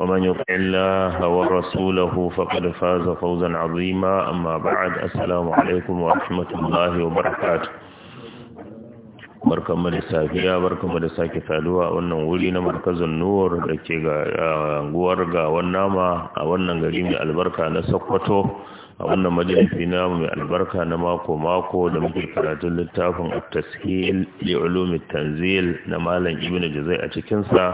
ومن يطع الله ورسوله فقد فاز فوزا عظيما أما بعد السلام عليكم ورحمة الله وبركاته barkanmu da safiya barkanmu da sake saduwa a wannan wuri na markazin nuwar da ke ga anguwar nama a wannan gari mai albarka na sokoto a wannan majalisi na mai albarka na mako mako da muke karatun littafin at li ulum tanzil na malam ibnu jizai a cikin sa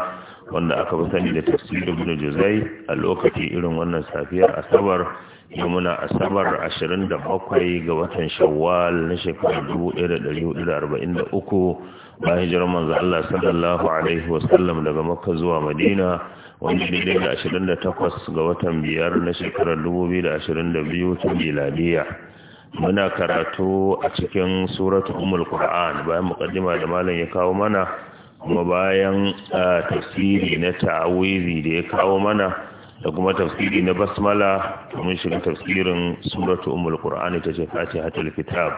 wanda aka fi sani da tafsir ibn juzai a lokaci irin wannan safiyar asabar ya muna asabar 27 ga watan shawwal na shekarar 1443 bayan hijirar manzo Allah sallallahu alaihi wasallam daga makka zuwa madina wanda daidai da 28 ga watan biyar na shekarar 2022 ta miladiya muna karatu a cikin suratul qur'an bayan muqaddima da malam ya kawo mana kuma bayan tafsiri na ta'awizi da ya kawo mana da kuma tafsiri na basmala mun shiga tafsirin suratu umul qur'ani ta ce fatihatul kitab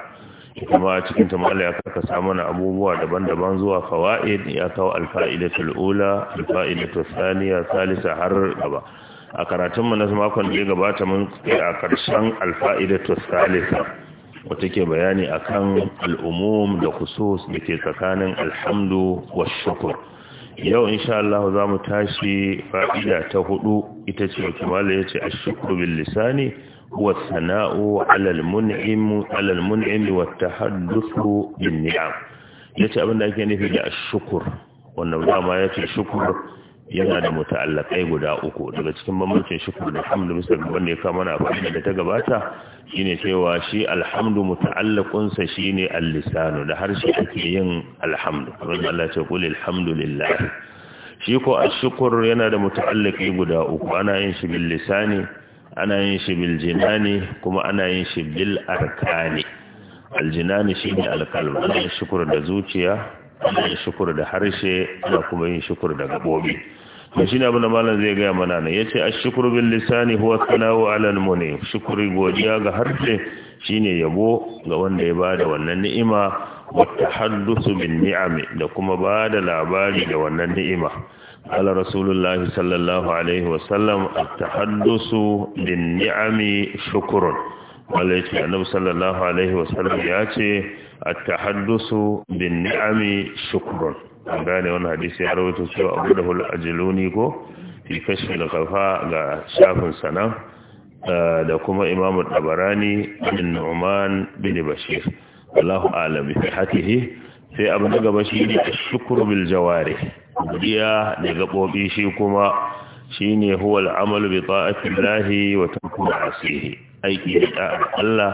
kuma cikin mallaka ya samu mana abubuwa daban-daban zuwa fawaid ya kawo alfa'idatul ula alfa'idatul thaniya salisa har gaba a karatun mu na makon da ya gabata mun kai a karshen alfa'idatul salisa wata ke bayani akan al'umum da kusus da ke tsakanin alhamdu wa shukur yau insha Allah za mu tashi fa'ida ta hudu ita ce wata mala ya ce a shukuru bin lisani wa sana'u alal mun'im wa tahaddusu bin ni'am ya ce abinda ake nufi da shukur wannan dama ya ce shukur yana da muta'allakai guda uku daga cikin bambancin shukr da hamdu misali wanda ya kama na faɗi da ta gabata shine cewa shi alhamdu muta'allaqun sa shine al-lisanu da harshe ake yin alhamdu wanda Allah ya ce qul alhamdulillah shi ko ashkur yana da muta'allaqi guda uku ana yin shi bil lisani ana yin shi bil jinani kuma ana yin shi bil arkani aljinani shine alkalm ana shukr da zuciya yin shukur da harshe ana kuma yin shukur da gaɓoɓi da shi abin da malam zai gaya mana ne ya ce a shukur bin lisani huwa sanawo mu ne. shukuri godiya ga harshe shine yabo ga wanda ya bada wannan ni'ima wa tahaddusu bin ni'ami da kuma bada labari da wannan ni'ima ala rasulullahi sallallahu alaihi wasallam at-tahaddusu bin ni'ami shukurun wanda ya ce annabi sallallahu alaihi wasallam ya ce at-tahaddusu bin ni'ami shukrun an gane wani hadisi ya rawaito cewa abu da hul ajiluni ko fi kashi al kafa ga shafin sana eh, da kuma imam tabarani bin nu'man bin bashir Allahu ala bi sihhatihi sai abu na gaba shi ne shukru bil jawari godiya da gabobi shi kuma shine huwa al-amalu bi ta'ati llahi wa tarku ma'asihi aiki da ta'ar Allah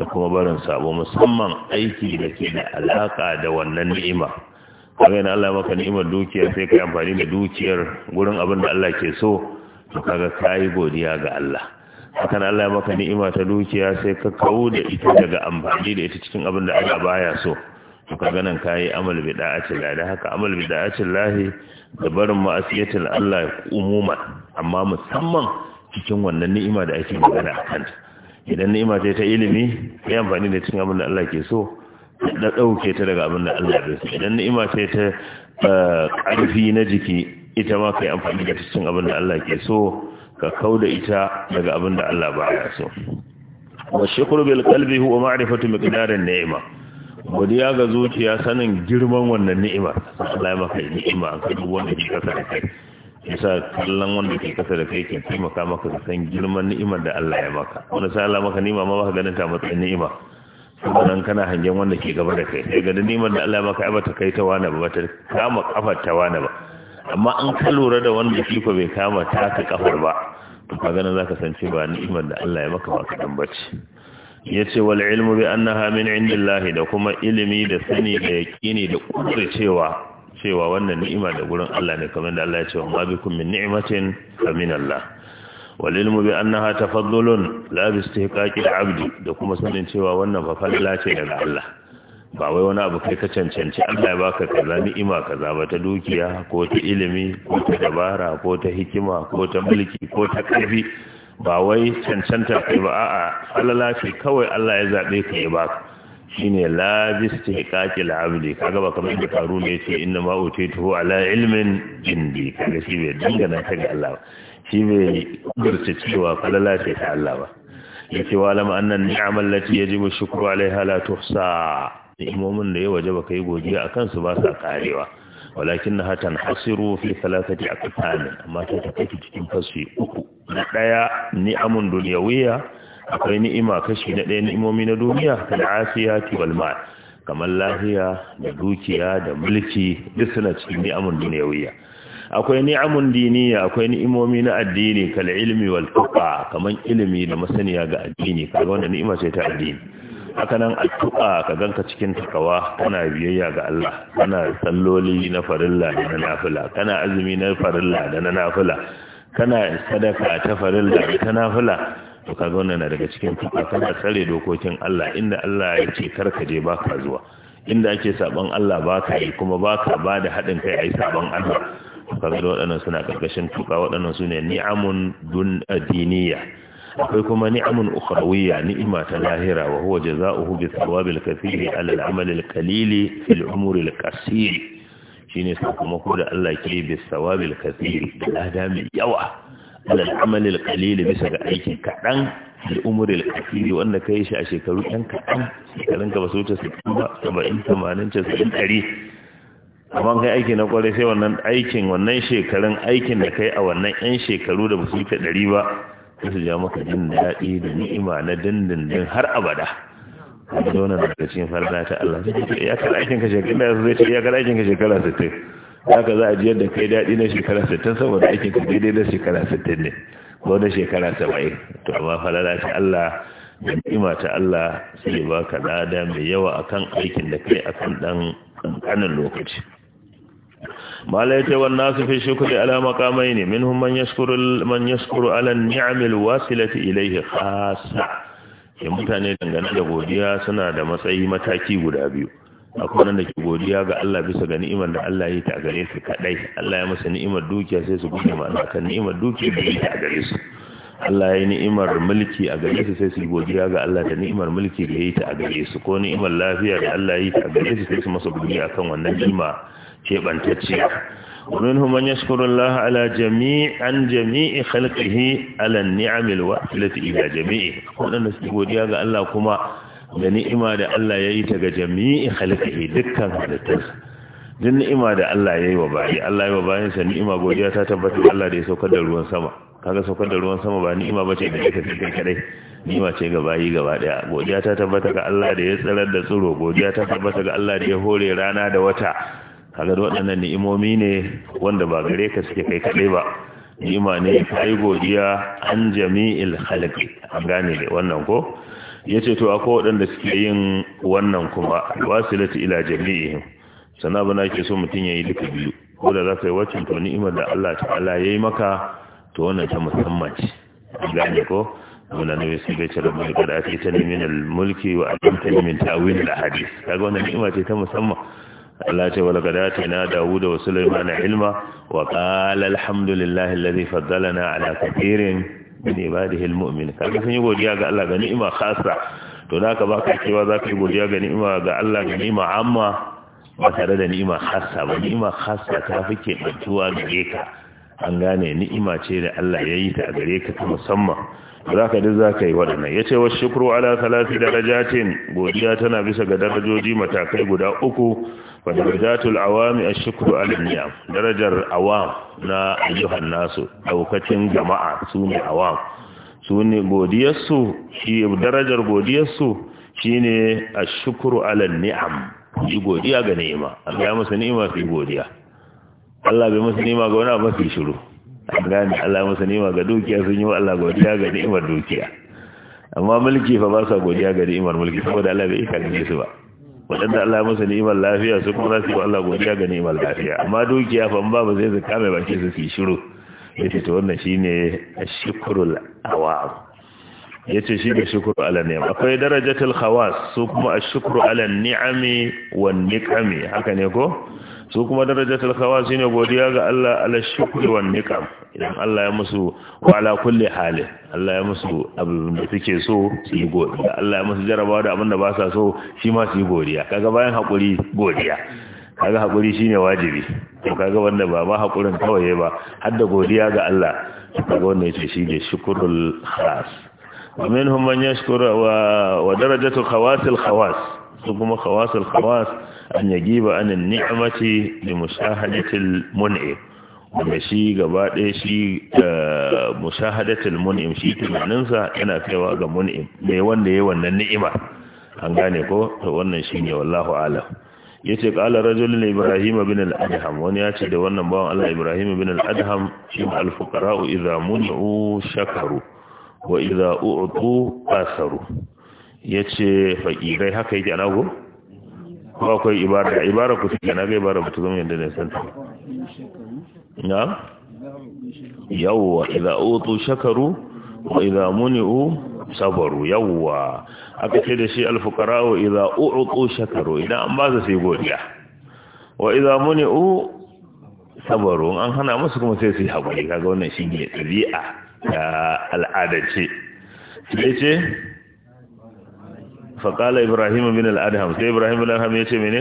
da kuma barin sabo musamman aiki da ke da alaka da wannan ni'ima kaga yana Allah maka ni'imar dukiya sai kai amfani da dukiyar gurin abin da Allah ke so to kaga kai godiya ga Allah hakan Allah ya maka ni'ima ta dukiya sai ka kawo da ita daga amfani da ita cikin abin da Allah baya so To ka ganin kayi amal bida'atil da haka amal bida'atil lahi da barin ma'asiyatul Allah umuman amma musamman cikin wannan ni'ima da ake magana a kanta idan ni'ima ce ta ilimi ya amfani da cikin abin da Allah ke so da ɗauke ta daga abin da Allah ke so idan ni'ima ce ta eh, ƙarfi na jiki ita ma ka yi amfani da cikin abin da Allah ke so ka kau da ita daga abin da Allah ba ya so wa shukru bil qalbi huwa ma'rifatu an ni'ima godiya ga zuciya sanin girman wannan ni'ima Allah ya maka ni'ima ka duk wanda ke kasa da kai yasa kallon wanda ke kasa da kai ke taimaka maka ka san girman ni'imar da Allah ya maka wanda sai Allah maka ni'ima ma baka ganin ta matsayin ni'ima sannan kana hangen wanda ke gaba da kai daga da ni'imar da Allah ya maka ba bata kai ta wani ba bata kama kafar ta wani ba amma an ka lura da wanda shi bai kama ta ka kafar ba to ka ganin zaka san cewa ni'imar da Allah ya maka ba dan bace yace wal ilmu bi annaha min indillahi da kuma ilimi da sani da yaqini da cewa. cewa wannan ni'ima da gurin Allah ne kamar da Allah ya ce wa ma bikum min ni'matin fa min Allah mu bi annaha tafaddulun la bi istihqaqi al-abdi da kuma sanin cewa wannan fa fadila ce daga Allah ba wai wani abu kai ka cancanci Allah ya baka kaza ni'ima kaza ba ta dukiya ko ta ilimi ko ta dabara ko ta hikima ko ta mulki ko ta karfi ba wai cancanta kai ba a'a falala ce kawai Allah ya zabe ka ya baka shine la bistihqaqil abdi kaga ba kamar da karun ya ce inna ma tuho ala ilmin jindi. kaga shi bai dangana ta ga Allah shi bai gurce cewa falala ce ta Allah ba yace wa lam anna ni'amal lati yajibu shukru alaiha la tuhsa ni'imomin da ya waje wajaba kai godiya a su ba sa karewa walakin na hatan hasiru fi a aqsamin amma ta take cikin fasfi uku na daya ni'amun wuya. akwai ni'ima kashi na ɗaya ni'imomi na duniya da asiya wal kamar Lahiya, da dukiya da mulki duk suna cikin ni'amun duniyawiya akwai ni'amun diniya akwai ni'imomi na addini kal ilmi wal tuqa kamar ilimi da masaniya ga addini kaga wannan ni'ima ce ta addini haka nan attuqa ka ganka cikin takawa kana biyayya ga Allah kana salloli na farilla da na nafila kana azumi na farilla da na nafila kana sadaka ta farilla ta nafila to kaga wannan na daga cikin tuka kana tsare dokokin Allah inda Allah ya ce karka je baka zuwa inda ake saban Allah baka yi kuma baka da haɗin kai ayi saban Allah to kaga waɗannan suna ƙarƙashin tuƙa waɗannan sune ni'amun dun adiniya eh, akwai kuma ni'amun ukhrawiyya ni'ima ta lahira wa huwa jazaohu bi thawabil kathiri ala al-amali al-qalili fil umuri al-qasiri shine sakamako da Allah ke bi sawabil kathir da lada mai yawa da amalil qalil bisa ga aikin kadan da umuril kathiri wanda kai shi a shekaru ɗan kadan shekarun ka ba su wuce 60 ba 70 80 90 100 amma kai aiki na kwarai sai wannan aikin wannan shekarun aikin da kai a wannan yan shekaru da basu wuce ɗari ba sai su ja maka jin daɗi da ni'ima na dindindin har abada da cikin farda ta Allah ya kar aikin ka shekara zai ce ya kar aikin ka shekara 60 haka za a ji yadda kai daɗi na shekara 60 saboda aikin ka daidai na shekara 60 ne ko na shekara 70 to amma falala ta Allah da ni'ima ta Allah sai ba lada mai yawa akan aikin da kai akan dan kankanin lokaci mala yace nasu fi shukri ala maqamaini minhum man yashkuru man yashkuru ala ni'amil niam wasilati ilayhi khassa ke mutane dangane da godiya suna da matsayi mataki guda biyu akwai wanda ke godiya ga Allah bisa ga ni'imar da Allah ya ta gare su kadai Allah ya masa ni'imar dukiya sai su gode mana kan ni'imar dukiya da ya ta gare su Allah ya yi ni'imar mulki a gare su sai su godiya ga Allah da ni'imar mulki da ya ta a gare su ko ni'imar lafiya da Allah ya ta gare su sai su masa godiya kan wannan ni'ima keɓantacciya ومنهم من يشكر الله على جميع عن جميع خلقه على النعم الوافلة إلى جميعه وأن نستقول يا الله كما da ni'ima da Allah ya yi ta ga jami'i halƙahi dukkan halittarsa duk ni'ima da Allah ya yi wa bayi Allah ya yi wa bayansa ni'ima godiya ta tabbatar Allah da ya saukar da ruwan sama kaga saukar da ruwan sama ba ni'ima bace da ita kai kadai ni'ima ce ga bayi gaba daya godiya ta tabbata ga Allah da ya tsarar da tsiro godiya ta tabbata ga Allah da ya hore rana da wata kaga waɗannan ni'imomi ne wanda ba gare ka suke kai kaɗai ba ni'ima ne kai godiya an jami'il halaki an gane ne wannan ko ya ce to akwai waɗanda suke yin wannan kuma wasilatu ila jami'ihim sannan bana ke so mutum ya yi duka biyu ko da za ka yi wacce to ni'imar da Allah ta'ala yi maka to wannan ta musamman ce gane ko wanda ne sai bai ce rabbi kada ake ta ne mulki wa alimta min ta'wil al-hadith kaga wannan ni'ima ce ta musamman Allah ce wala gadata na dawuda wa Sulaiman ilma wa qala alhamdulillahi alladhi faddalana ala kathirin min ibadihi almu'min kaga sun yi godiya ga Allah ga ni'ima khassa to da ka baka cewa za ka yi godiya ga ni'ima ga Allah ga ni'ima amma ba tare da ni'ima khassa ba ni'ima khassa ta fi ke bantuwa gare ka an gane ni'ima ce da Allah ya yi ta a gare ka ta musamman za ka duk za ka yi waɗannan ya ce wa shukuru ala salasi darajatin godiya tana bisa ga darajoji matakai guda uku wa العوام الشكر على النعم درجة darajar نا na الناس nasu كتن jama'a sune عوام sune godiyarsu shi darajar godiyarsu shine الشكر على النعم yi godiya ga ni'ima Allah ya masa godiya Allah bai masa ni'ima ga wani abu shiru Allah masa nima ga dukiya sun yi wa Allah godiya ga ni'imar dukiya amma mulki fa ba sa godiya ga ni'imar mulki saboda Allah bai ika su ba waɗanda Allah masa ni'imar lafiya su kuma za su yi Allah godiya ga ni'imar lafiya amma dukiya fa ba ba zai zaka mai baki su fi shiru yace to wannan shine ashkurul awam yace shi ne shukuru ala ni'am akwai darajatul khawas su kuma ashkuru ala ni'ami wan niqami haka ne ko su kuma darajatul khawasi ne godiya ga Allah ala shukri wan nikam idan Allah ya musu wa ala kulli hali Allah ya musu abin da suke so su yi godiya Allah ya musu jaraba da abin da ba sa so shi ma su yi godiya kaga bayan hakuri godiya kaga hakuri shine wajibi to kaga wanda ba ba hakurin kawai ba har da godiya ga Allah kaga wanda yake shi ne shukrul khas wa minhum man yashkuru wa darajatu khawasil khawas su kuma khawasil khawas an ba ni'imaci ni'amati li musahadatil mun'im wanda shi gaba ɗaya shi eh, musahadatul mun'im shi tunaninsa yana kaiwa ga mun'im Me wanda ya wannan ni'ima an gane ko to wannan shi ne wallahu alam yace qala rajulun ibrahim bin al-adham wani yace da wannan bawan Allah ibrahim bin al-adham shi al-fuqara idza mun'u shakaru wa idza u'tu asaru yace faƙirai haka yake anago ba akwai ibara ibara ku suke na ga ibara ba ta zama yadda ne ta na yawwa idza utu shakaru wa idza muni'u sabaru yawwa aka ce da shi alfuqara wa idza utu shakaru idan an ba su sai godiya wa idza muni'u sabaru an hana musu kuma sai su yi hakuri kaga wannan shi ne dabi'a ta al'adace sai ce faƙala ibrahim bin al'adham sai ibrahim bin al'adham ya ce mene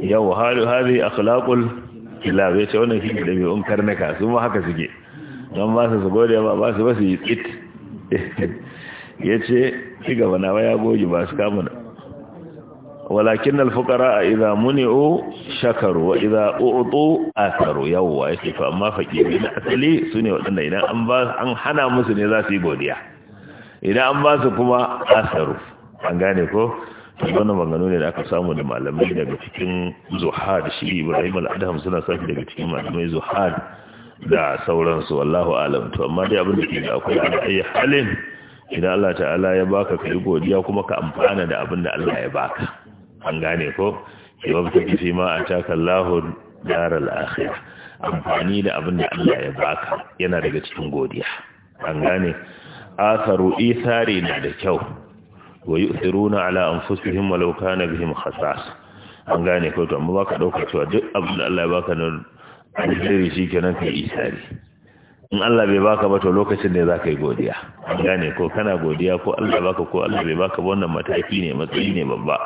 yau hari akhlaqul kilab ya ce wannan shi da bai unkar naka su ma haka suke don ba su su gode ba ba su ba su yi tsit ya ce shi gaba na ya goji ba su kamun walakin alfukara a iza muni'u shakaru wa iza u'utu asaru yawwa ya ce fa amma fakiri na asali su ne waɗanda idan an hana musu ne za su yi godiya idan an ba su kuma asaru an gane ko wannan maganganu ne da aka samu da malamai daga cikin zuhad shi ibrahim al-adham suna saki daga cikin malamai zuhad da sauransu wallahu alam to amma dai abin da ke akwai ana ayi halin idan Allah ta'ala ya baka kai godiya kuma ka amfana da abin da Allah ya baka an gane ko yawabta kifi ma a ataka Allahu daral akhirah amfani da abin da Allah ya baka yana daga cikin godiya an gane atharu ithari na da kyau wa yu'thiruna ala anfusihim walau kana bihim khasas an gane ko to amma baka dauka cewa duk abin da Allah ya baka na alheri shikenan kai isari in Allah bai baka ba to lokacin da zaka yi godiya an gane ko kana godiya ko Allah baka ko Allah bai baka ba wannan mataki ne matsayi ne babba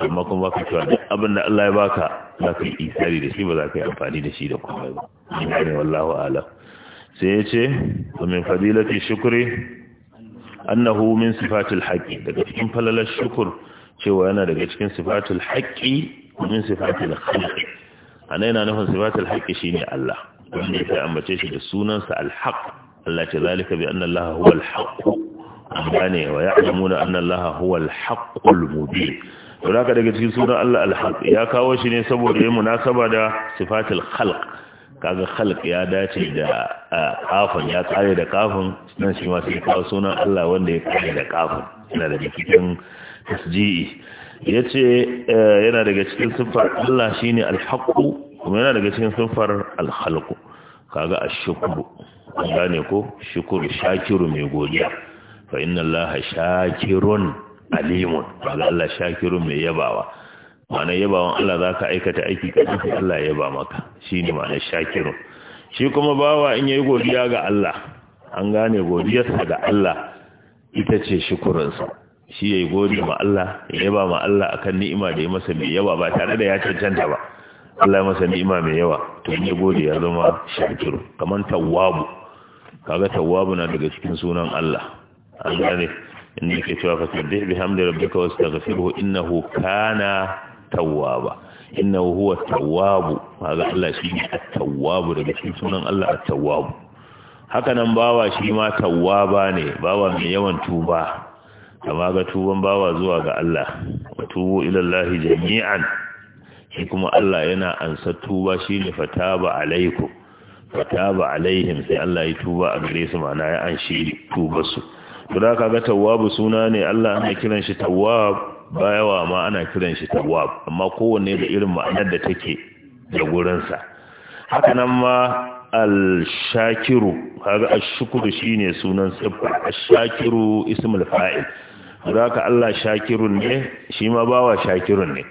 amma kuma baka cewa duk abin da Allah ya baka zaka yi isari da shi ba zaka yi amfani da shi da komai ba an gane wallahu a'lam sai ya ce wa min fadilati shukri annahu min sifatul haqqi daga cikin falalar shukur cewa yana daga cikin sifatul haqqi min sifatul khalqi anan yana nufin sifatul haqqi shine Allah wanda ya ambace shi da sunansa al-haq Allah ce zalika bi anna Allah huwa al-haq amane wa ya'lamuna anna Allah huwa al-haqqul mubin to daga cikin sunan Allah al-haq ya kawo shi ne saboda yayin munasaba da sifatul khalq kaga khalq ya dace da kafin ya kare da kafin nan shi ma sai kawo sunan Allah wanda ya kare da kafin yana da cikin tasji'i yace eh, yana daga cikin siffar Allah shine al-haqqu kuma yana daga cikin sunfar al-khalq kaga ash-shukru gane ko shukuru shakiru mai godiya fa inna Allah shakirun alimun kaga Allah Shakiru mai yabawa ma'anar yabawan Allah za ka aikata aiki ka sai Allah ya ba maka shi ne ma'anar shakiru shi kuma bawa in ya yi godiya ga Allah an gane godiyarsa ga Allah ita ce shukurinsa shi ya yi godi ma Allah ya yaba ma Allah kan ni'ima da ya masa mai yawa ba tare da ya cancanta ba Allah ya masa ni'ima mai yawa to ya godi ya zama shakiru kamar tawwabu kaga tawwabu na daga cikin sunan Allah an gane inda ke cewa fasabbi bihamdi rabbika wastaghfirhu innahu kana tawwaba innahu huwa tawwabu ga Allah shi ne at-tawwabu daga sunan Allah at-tawwabu haka nan bawa shi ma tawwaba ne bawa mai yawan tuba amma ga tuban bawa zuwa ga Allah wa tubu ila Allah jami'an shi kuma Allah yana ansa tuba ne fataba alaikum fataba alaihim sai Allah ya tuba a gare su mana ya anshi tubar su to da kaga tawabu suna ne Allah ana kiran shi tawwab bayawa ma ana kiran shi tawwab amma kowanne da irin ma'anar da take da gurinsa haka nan ma al-shakiru kaga ash-shukru shine sunan siffa ash-shakiru ismul fa'il zaka Allah shakirun ne shi ma bawa shakirun ne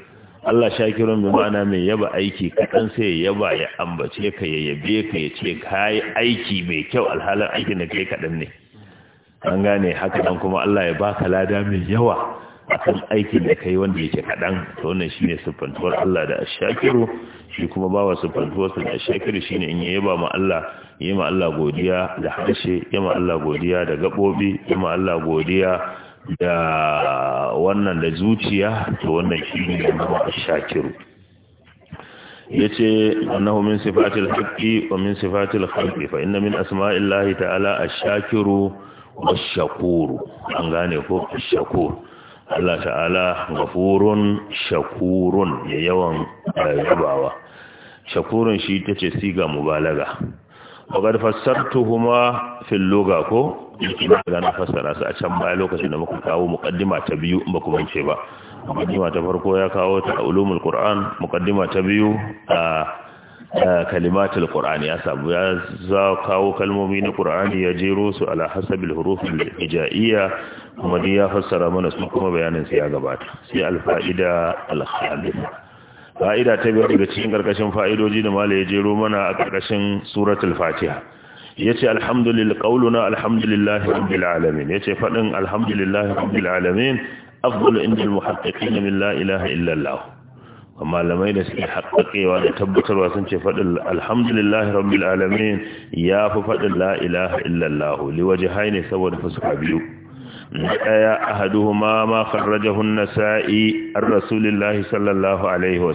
Allah shakirun bi ma'ana mai yaba aiki kaɗan sai ya yaba ya ambace ka ya ka ya ce ka aiki mai kyau alhalin aikin da kai kaɗan ne an gane haka dan kuma Allah ya baka lada mai yawa akan aikin da kai wanda yake kaɗan to wannan shine siffantuwar Allah da ashakiru shi kuma bawa siffantuwarsa da ashakiru shine in yayi ba ma Allah yayi ma Allah godiya da harshe yayi ma Allah godiya da gabobi yayi ma Allah godiya da wannan da zuciya to wannan shine bawa ashakiru yace annahu min sifatil haqqi wa min sifatil khalqi fa inna min asma'illahi ta'ala ashakiru shakiru shakuru an gane ko ash Allah ta'ala gafurun shakurun ya yawan zubawa. shakurun shi ta ce siga mubalaga wagar fasar fil luga ko ina ga na fassara su a can baya lokacin da muka kawo muqaddima ta biyu ba ku ba muqaddima ta farko ya kawo ta ulumul qur'an muqaddima ta biyu a kalimatul qur'ani ya sabu ya za kawo kalmomi na qur'ani ya jero su ala hasabil huruf al-ijaiya kuma dai ya fassara mana su kuma bayanin ya gabata sai al-fa'ida al-khalisa fa'ida ta biyar daga cikin karkashin fa'idoji da malai ya jero mana a karkashin suratul fatiha yace alhamdulillah qauluna yace fadin alhamdulillah rabbil alamin afdalu la ilaha malamai da suke haƙaƙewa da tabbatarwa sun ce faɗin alhamdulillahi rabbil alamin ya fi faɗin la ilaha illallah liwaje haine saboda fuska biyu na ɗaya ahaduhuma ma kharrajahun nasa'i ar rasulillahi sallallahu alaihi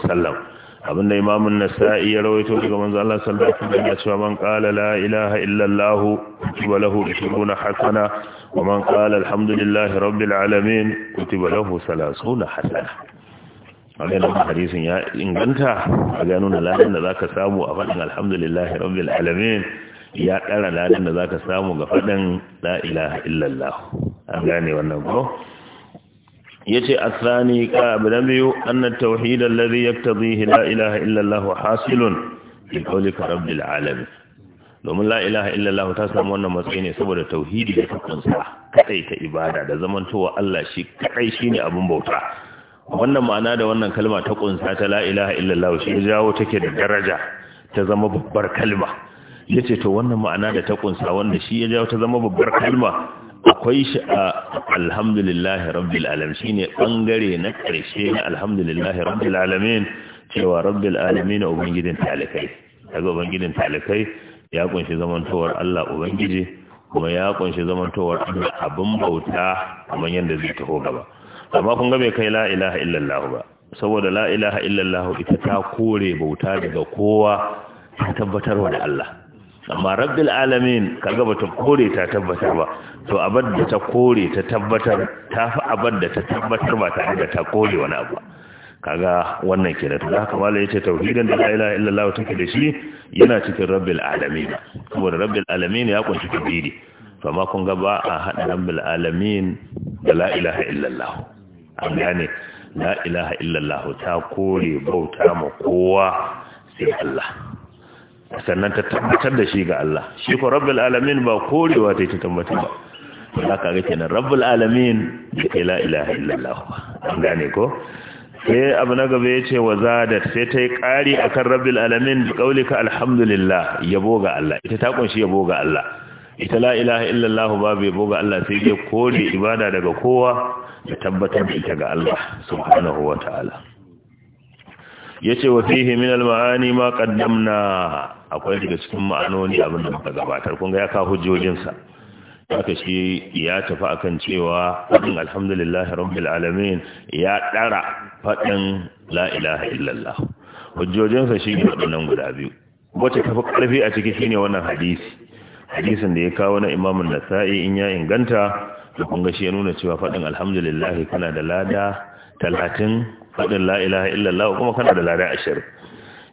abinda imamun nasa'i ya rawaito daga manzo Allah sallallahu alaihi wa cewa man qala la ilaha illallah kutiba lahu ishruna hasana wa man qala alhamdulillahi rabbil alamin kutiba lahu salasuna hasana wanda hadisin ya inganta a gano na ladan da zaka samu a faɗin alhamdulillahi rabbil alamin ya ƙara ladan da zaka samu ga fadin la ilaha illallah an gane wannan ko yace athani ka bi biyu anna tauhid alladhi yaktabihi la ilaha illallah hasilun bi qawlika rabbil alamin domin la ilaha illallah ta samu wannan matsayi ne saboda tauhidi da ta kunsa ta ibada da zamantowa Allah shi kai shine abun bauta wannan ma'ana da wannan kalma ta kunsa ta la ilaha illallah shi jawo take da daraja ta zama babbar kalma yace to wannan ma'ana da ta kunsa wanda shi ya jawo ta zama babbar kalma akwai shi a alhamdulillahi rabbil alamin shine bangare na karshe na alhamdulillahi rabbil alamin cewa rabbil alamin ubangijin talakai daga ubangijin talikai ya kunshi zamantowar Allah ubangiji kuma ya kunshi zamantowar abin bauta kamar yadda zai taho gaba amma kun ga kai la ilaha illallah ba saboda la ilaha illallah ita ta kore bauta daga kowa ta tabbatar da Allah amma rabbil alamin kaga bata kore ta tabbatar ba to abadda da ta kore ta tabbatar ta fi abadda ta tabbatar ba tare da ta kore wani abu kaga wannan kenan to haka malai yace tauhidin da la ilaha illallah take da shi yana cikin rabbil alamin saboda rabbil alamin ya kunshi kibiri to amma kun ga ba a hada rabbil alamin da la ilaha illallah an gane la ilaha illallah ta kore bauta ma kowa sai Allah sannan ta tabbatar da shi ga Allah shi ko rabbul alamin ba korewa ta ta tabbatar ba za ka ga kenan rabbul alamin sai la ilaha illallah an gane ko sai abu na gaba ya ce wa zadat sai ta yi ƙari a kan alamin da ƙaulika alhamdulillah yabo ga Allah ita ta kunshi yabo ga Allah ita la ilaha illallah babu yabo ga Allah sai ya kore ibada daga kowa ya tabbatar da ita ga Allah subhanahu wa ta'ala yace wa fihi min al-ma'ani ma qaddamna akwai daga cikin ma'anoni abin da muka gabatar kun ga ya ka hujjojinsa. Ya haka shi ya tafi akan cewa faɗin alhamdulillah rabbil alamin ya dara fadin la ilaha illallah Hujjojinsa shi ne waɗannan guda biyu wacce tafi karfi a ciki shine wannan hadisi hadisin da ya kawo na Imam Nasa'i in ya inganta da kun shi ya nuna cewa faɗin alhamdulillah kana da lada talatin faɗin la ilaha illallah kuma kana da lada ashirin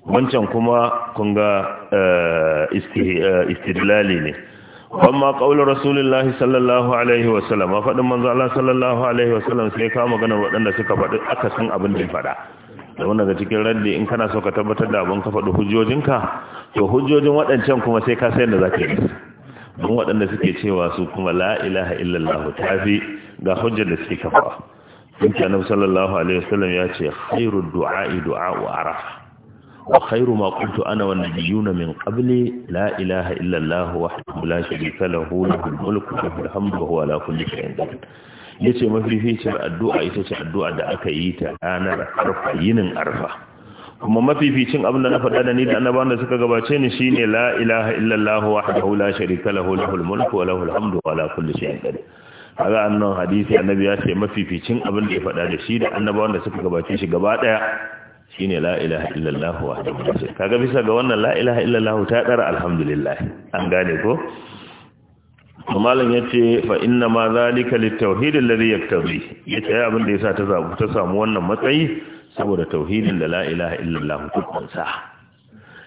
wancan kuma kun ga eh, eh, istidlali ne amma qaulur rasulullahi sallallahu alaihi wasallam faɗin manzo Allah sallallahu alaihi wasallam sai ka magana waɗanda suka faɗi san abin da faɗa da wannan daga cikin raddi in kana so ka tabbatar da abin ka faɗi hujjojinka to hujjojin waɗancan kuma sai ka sayar da ka yi don waɗanda suke cewa su kuma lailaha illallahu illallah tafi ga hujjar da suke kafa in ka nabi sallallahu alaihi wasallam ya ce khairu du'a'i wa arafa wa khairu ma ana wan nabiyuna min qabli la ilaha illallah wahdahu la sharika lahu mulku wa lahul hamdu wa huwa ala kulli shay'in mafi yace mafificin addu'a ita ce addu'a da aka yi ta ranar arfa yinin arfa kuma mafificin abin da na faɗa da ni da annabawan da suka gabace ni shine la ilaha illallah wahdahu la sharika lahu lahul mulku wa lahul hamdu wa ala kulli shay'in qadir kaga annan hadisi annabi ya ce mafificin abin da ya faɗa da shi da annabawan da suka gabace shi gaba daya shine la ilaha illallah wahdahu la sharika kaga bisa ga wannan la ilaha illallah ta dara alhamdulillah an gane ko malam yace fa inna ma zalika litawhid alladhi yaktabi yace abin da yasa ta ta samu wannan matsayi saboda tauhidin da la ilaha illallah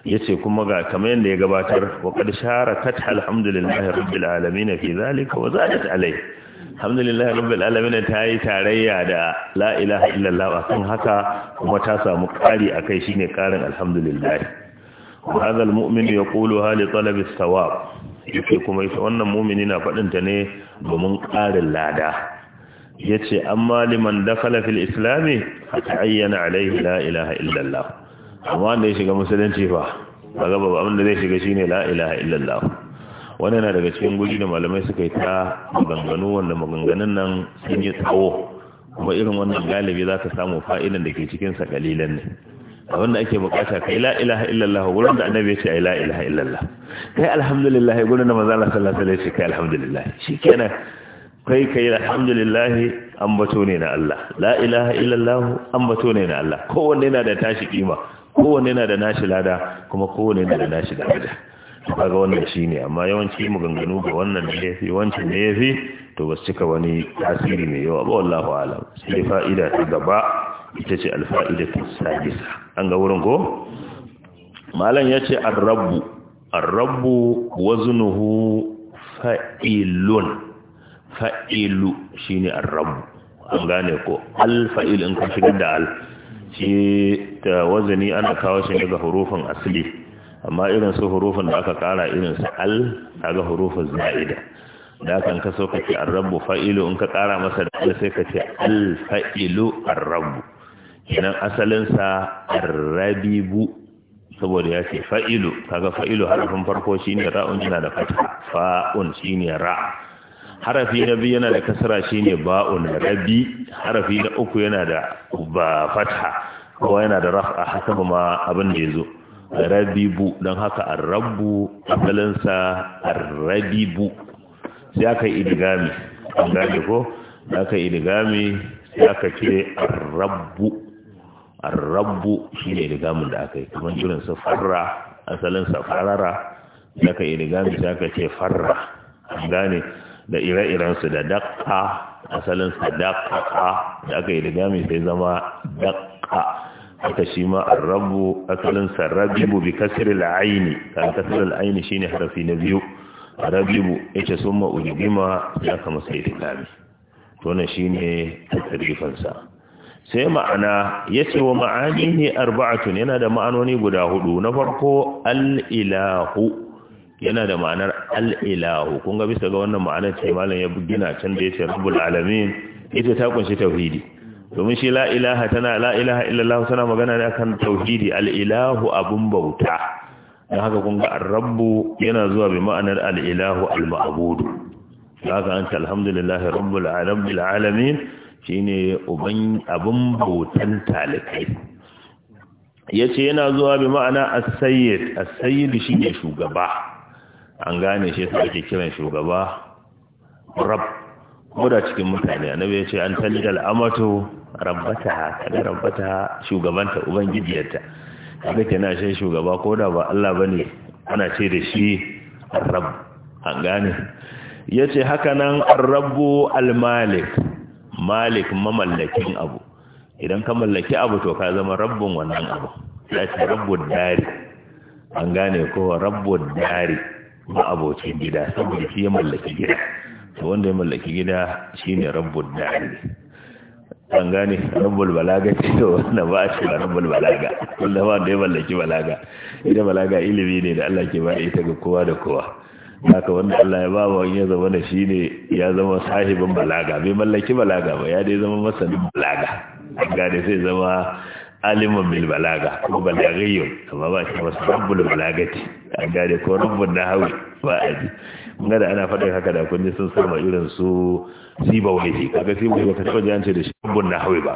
ya ce kuma ga kamar yadda ya gabatar wa qad sharakat alhamdulillahi rabbil alamin fi zalika wa zadat alai alhamdulillahi rabbil alamin ta yi tarayya da la ilaha illallah kan haka kuma ta samu kari akai shine karin alhamdulillah hadha almu'min yaquluha li talab as-sawab yake kuma wannan mu'mini na faɗin ta ne domin ƙarin lada yace amma liman dakala fil islami ayyana alaihi la ilaha illallah amma wanda ya shiga musulunci fa daga babu abin da zai shiga shine la ilaha illallah wannan na daga cikin guji da malamai suka yi ta maganganu wanda maganganun nan sun yi tsawo kuma irin wannan galibi za ka samu fa'idan da ke cikin sa kalilan ne abin da ake bukata kai la ilaha illallah gurin da annabi ya ce ai la ilaha illallah kai alhamdulillah gurin da manzo Allah sallallahu alaihi wasallam ya ce kai alhamdulillah kenan. kai kai alhamdulillah bato ne na Allah la ilaha illallah bato ne na Allah kowanne yana da tashi kima kowanne yana da nashi lada kuma kowanne yana da nashi daraja kaga wannan shine amma yawanci mu ganganu ga wannan da yafi wancan da yafi to ba cika wani tasiri mai yawa ba wallahu alam sai fa'ida ta gaba ita ce ta sadisa an ga wurin ko malam yace ar-rabbu ar-rabbu waznuhu fa'ilun alfa'ilu shine arrabu an gane ko alfa'il in kan shigar da al shi ta wazani ana kawo shi daga hurufin asli amma irin su hurufin da aka kara irin su al daga hurufin za'ida da kan ka ka ce arrabu fa'ilu in ka kara masa da sai ka ce alfa'ilu arrabu kenan asalinsa arrabibu saboda ya ce fa'ilu kaga fa'ilu harafin farko shi ne ra'un yana da fata fa'un ne ra harafi na biyu yana da shi shine ba'un rabi harafi na uku yana da ba fatha ko yana da raf'a haka ma abin da yazo rabibu don haka arrabu asalinsa arrabibu sai aka idigami an gane ko aka idigami sai aka ce arrabu arrabu shi ne idigamin da aka yi kamar jirin su farra asalinsa farara sai aka idigami sai aka ce farra an gane da ire-irensu da dakka asalin sa dakka da aka yi mai sai zama dakka aka shi ma rabu asalin sa rabibu bi kasri al kan kasri al shine harafi na biyu rabibu sun summa ujima ya kama sai rigami to wannan shine tsarifin sai ma'ana ce wa ma'anihi arba'atun yana da ma'anoni guda hudu na farko al-ilahu yana da ma'anar al'ilahu kun ga bisa ga wannan ma'anar ce ya gina can da ya ce rabbul alamin ita ta kunshi tauhidi domin shi la'ilaha, tana la ilaha illallah tana magana ne kan tauhidi al'ilahu abin bauta Na haka kun ga rabbu yana zuwa bi ma'anar al'ilahu al haka an ta alhamdulillahi rabbul alamin shine abin bautan talikai yace yana zuwa bi ma'ana as-sayyid shi ne shugaba an gane shi yasa ake kiran shugaba rab da cikin mutane annabi ya ce an talida al'amatu rabbata kada rabbata shugabanta ubangijiyarta kaga kenan shi shugaba ko da ba Allah bane ana ce da shi rab. an gane yace haka nan ar-rabbu al-malik malik mamallakin abu idan ka mallaki abu to ka zama rabbun wannan abu sai rabbud dari an gane ko rabbud dari ba abocin gida saboda shi ya mallaki gida to wanda ya mallaki gida shine rabbul dari an gane rabbul balaga ce to wannan ba a cewa rabbul balaga wanda ba da ya mallaki balaga ita balaga ilimi ne da Allah ke ba ita ga kowa da kowa haka wanda Allah ya bawa ya zama da shi ne ya zama sahibin balaga bai mallaki balaga ba ya dai zama masanin balaga an gane sai zama alimun bil balaga ko balagayyo amma ba shi wasu rabbul balagati an gane ko rabbul nahawi ba a ji mun ga ana faɗin haka da kun sun sama irin su siba wani kaga siba wani ka taɓa jance da shi rabbul hawi ba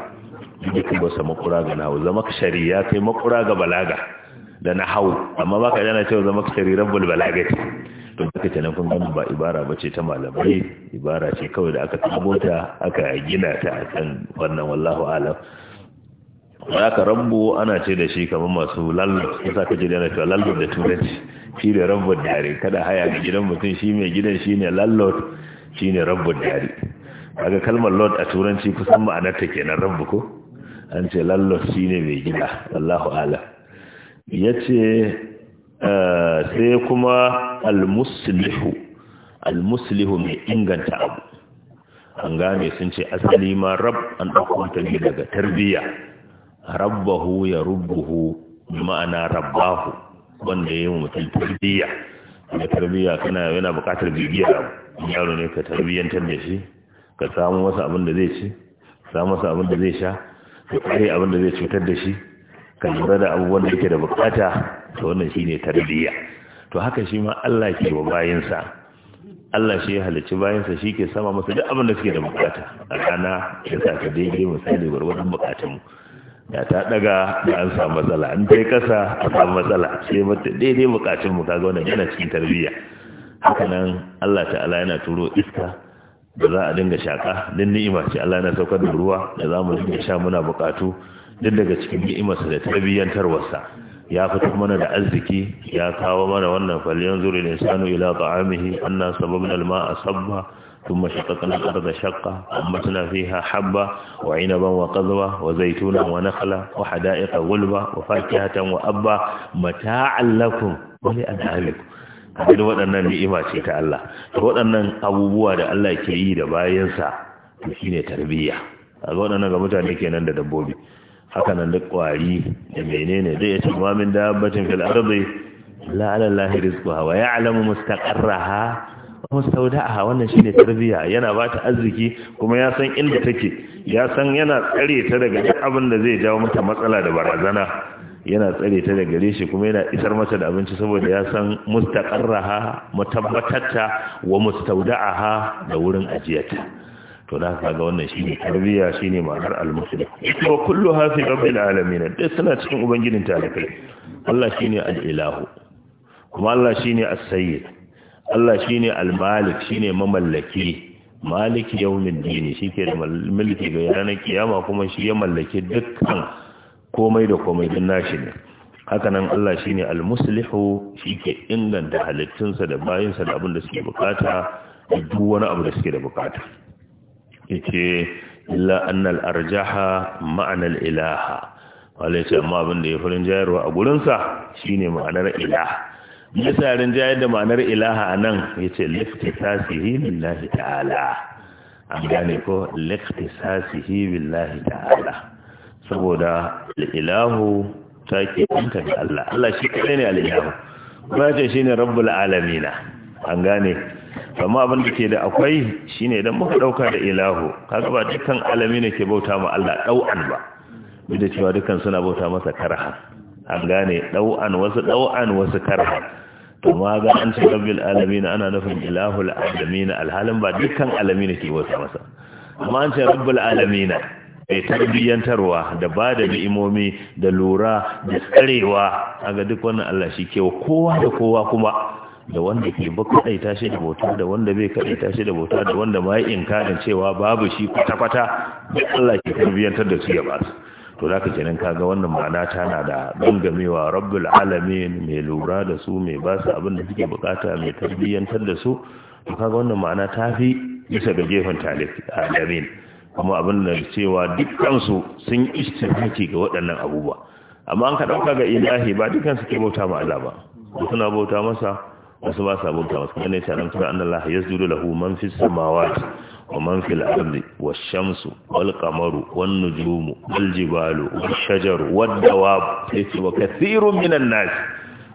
duk kun ba sa makura ga nahawi zama shari ya kai makura ga balaga da na nahawu amma ba ka yana cewa zama shari rabbul balagati to duka kenan kun gani ba ibara bace ta malamai ibara ce kawai da aka tabota aka gina ta akan wannan wallahu alam ya ka rambo ana ce da shi kamar masu lalbo ya sa ka ji dana cewa da turanci shi ne rambo dare kada haya ga gidan mutum shi mai gidan shi ne lallo shi ne rambo dare daga kalmar lord a turanci kusan ma'anarta kenan rambu ko an ce lallo shi ne mai gida wallahu ala ya ce eh, sai kuma almuslihu almuslihu mai inganta abu an gane sun ce asali ma rab an ɗaukwanta ne daga tarbiyya rabbahu ya rubbuhu ma'ana rabbahu wanda ya yi mutum tarbiyya da tarbiyya kana yana bukatar bibiya yaro ne ka tarbiyyantar da shi ka samu masa abin da zai ci samu masa abin da zai sha ka kare abin da zai cutar da shi ka lura da abubuwan da yake da bukata to wannan shi ne tarbiyya to haka shi ma Allah ke wa bayansa, Allah shi ya halarci bayansa shi ke sama masa duk abin da suke da bukata a rana ya sa ka daidai misali gwargwadon bukatunmu ya ta daga da an samu matsala an ta yi kasa a samu matsala sai mata daidai bukacin mu kaga wannan yana cikin tarbiyya haka nan Allah ta'ala yana turo iska da za a dinga shaka din ni'ima ce Allah yana saukar da ruwa da za mu dinga sha muna bukatu don daga cikin ni'imarsa da tarbiyyantarwarsa ya fito mana da arziki ya kawo mana wannan falyan zuri da sanu ila ta'amihi anna sababna al alma'a sabba ثم شققنا الأرض شقة وأنبتنا فيها حبة وعنبا وقضبة وزيتونا ونخلة وحدائق غلبة وفاكهة وأبا متاعا لكم ولأنعامكم abin waɗannan ni'ima ce ta Allah to waɗannan abubuwa da Allah ke yi da bayansa to shine tarbiyya kaga waɗannan ga mutane kenan da dabbobi haka nan duk kwari da menene zai ce ma min dabbatin fil ardi la ala allahi rizquha wa ya'lamu mustaqarraha mustauda'a wannan shine tarbiya yana bata arziki kuma ya san inda take ya san yana tsare ta daga abin da zai jawo mata matsala da barazana yana tsare ta daga gare shi kuma yana isar mata da abinci saboda ya san mustaqarraha mutabbatata wa mustaudaha da wurin ajiyata to da haka ga wannan shine tarbiya shine ma'anar al-muslim wa kullu hafi rabbil alamin da suna cikin ubangijin talakai Allah shine al-ilahu kuma Allah shine as-sayyid Allah shi ne al-malik ne mamallaki maliki yawmin dini ke da mulki ga yanar kiyama kuma shi ya mallaki dukkan komai da komai din nashi ne hakanan Allah shi ne al-muslihu ke inganta halittunsa da bayinsa da abin da suke bukata da duk wani abu da suke da bukata yace illa annal arjaha ma'anar ilaha wale ce amma abin da ya furin jayarwa a gurinsa shine ma'anar ilaha yasa jayar da ma'anar ilaha nan ya ce liftisasihi billahi ta'ala an gane ko liftisasihi billahi ta'ala saboda al'ilahu ta ke kanta da Allah Allah shi kaɗai ne al'ilahu ba ce shi ne rabbul alamina an gane amma abin da ke da akwai shi ne don muka ɗauka da ilahu kaga ba dukkan alamina ke bauta ma Allah ɗau'an ba duk da cewa dukkan suna bauta masa karaha an gane ɗau'an wasu ɗau'an wasu karha to ma ga an ce rabbil alamin ana nufin ilahul alamin alhalin ba dukkan alamin ke wasa masa amma an ce rabbul alamin mai tarbiyyantarwa da ba da ni'imomi da lura da tsarewa aga duk wannan Allah shi ke kowa da kowa kuma da wanda ke ba kaɗaita shi da bauta da wanda bai kaɗaita shi da bauta da wanda ma ya inkarin cewa babu shi kwata-kwata duk Allah ke tarbiyyantar da su ya ba su to za ka kenan kaga wannan ma'ana tana da gangamewa rabbul alamin mai lura da su mai ba su abin da suke bukata mai tarbiyyantar da su to kaga wannan ma'ana ta fi bisa ga gefen alamin kuma abin da cewa su sun istihaki ga waɗannan abubuwa amma an ka ɗauka ga ilahi ba dukkan ke bauta ma Allah ba suna bauta masa wasu ba sa bauta masa ne an tura annallahi yasjudu lahu man fis samawati ومن في الأرض والشمس والقمر والنجوم والجبال والشجر والدواب وكثير من الناس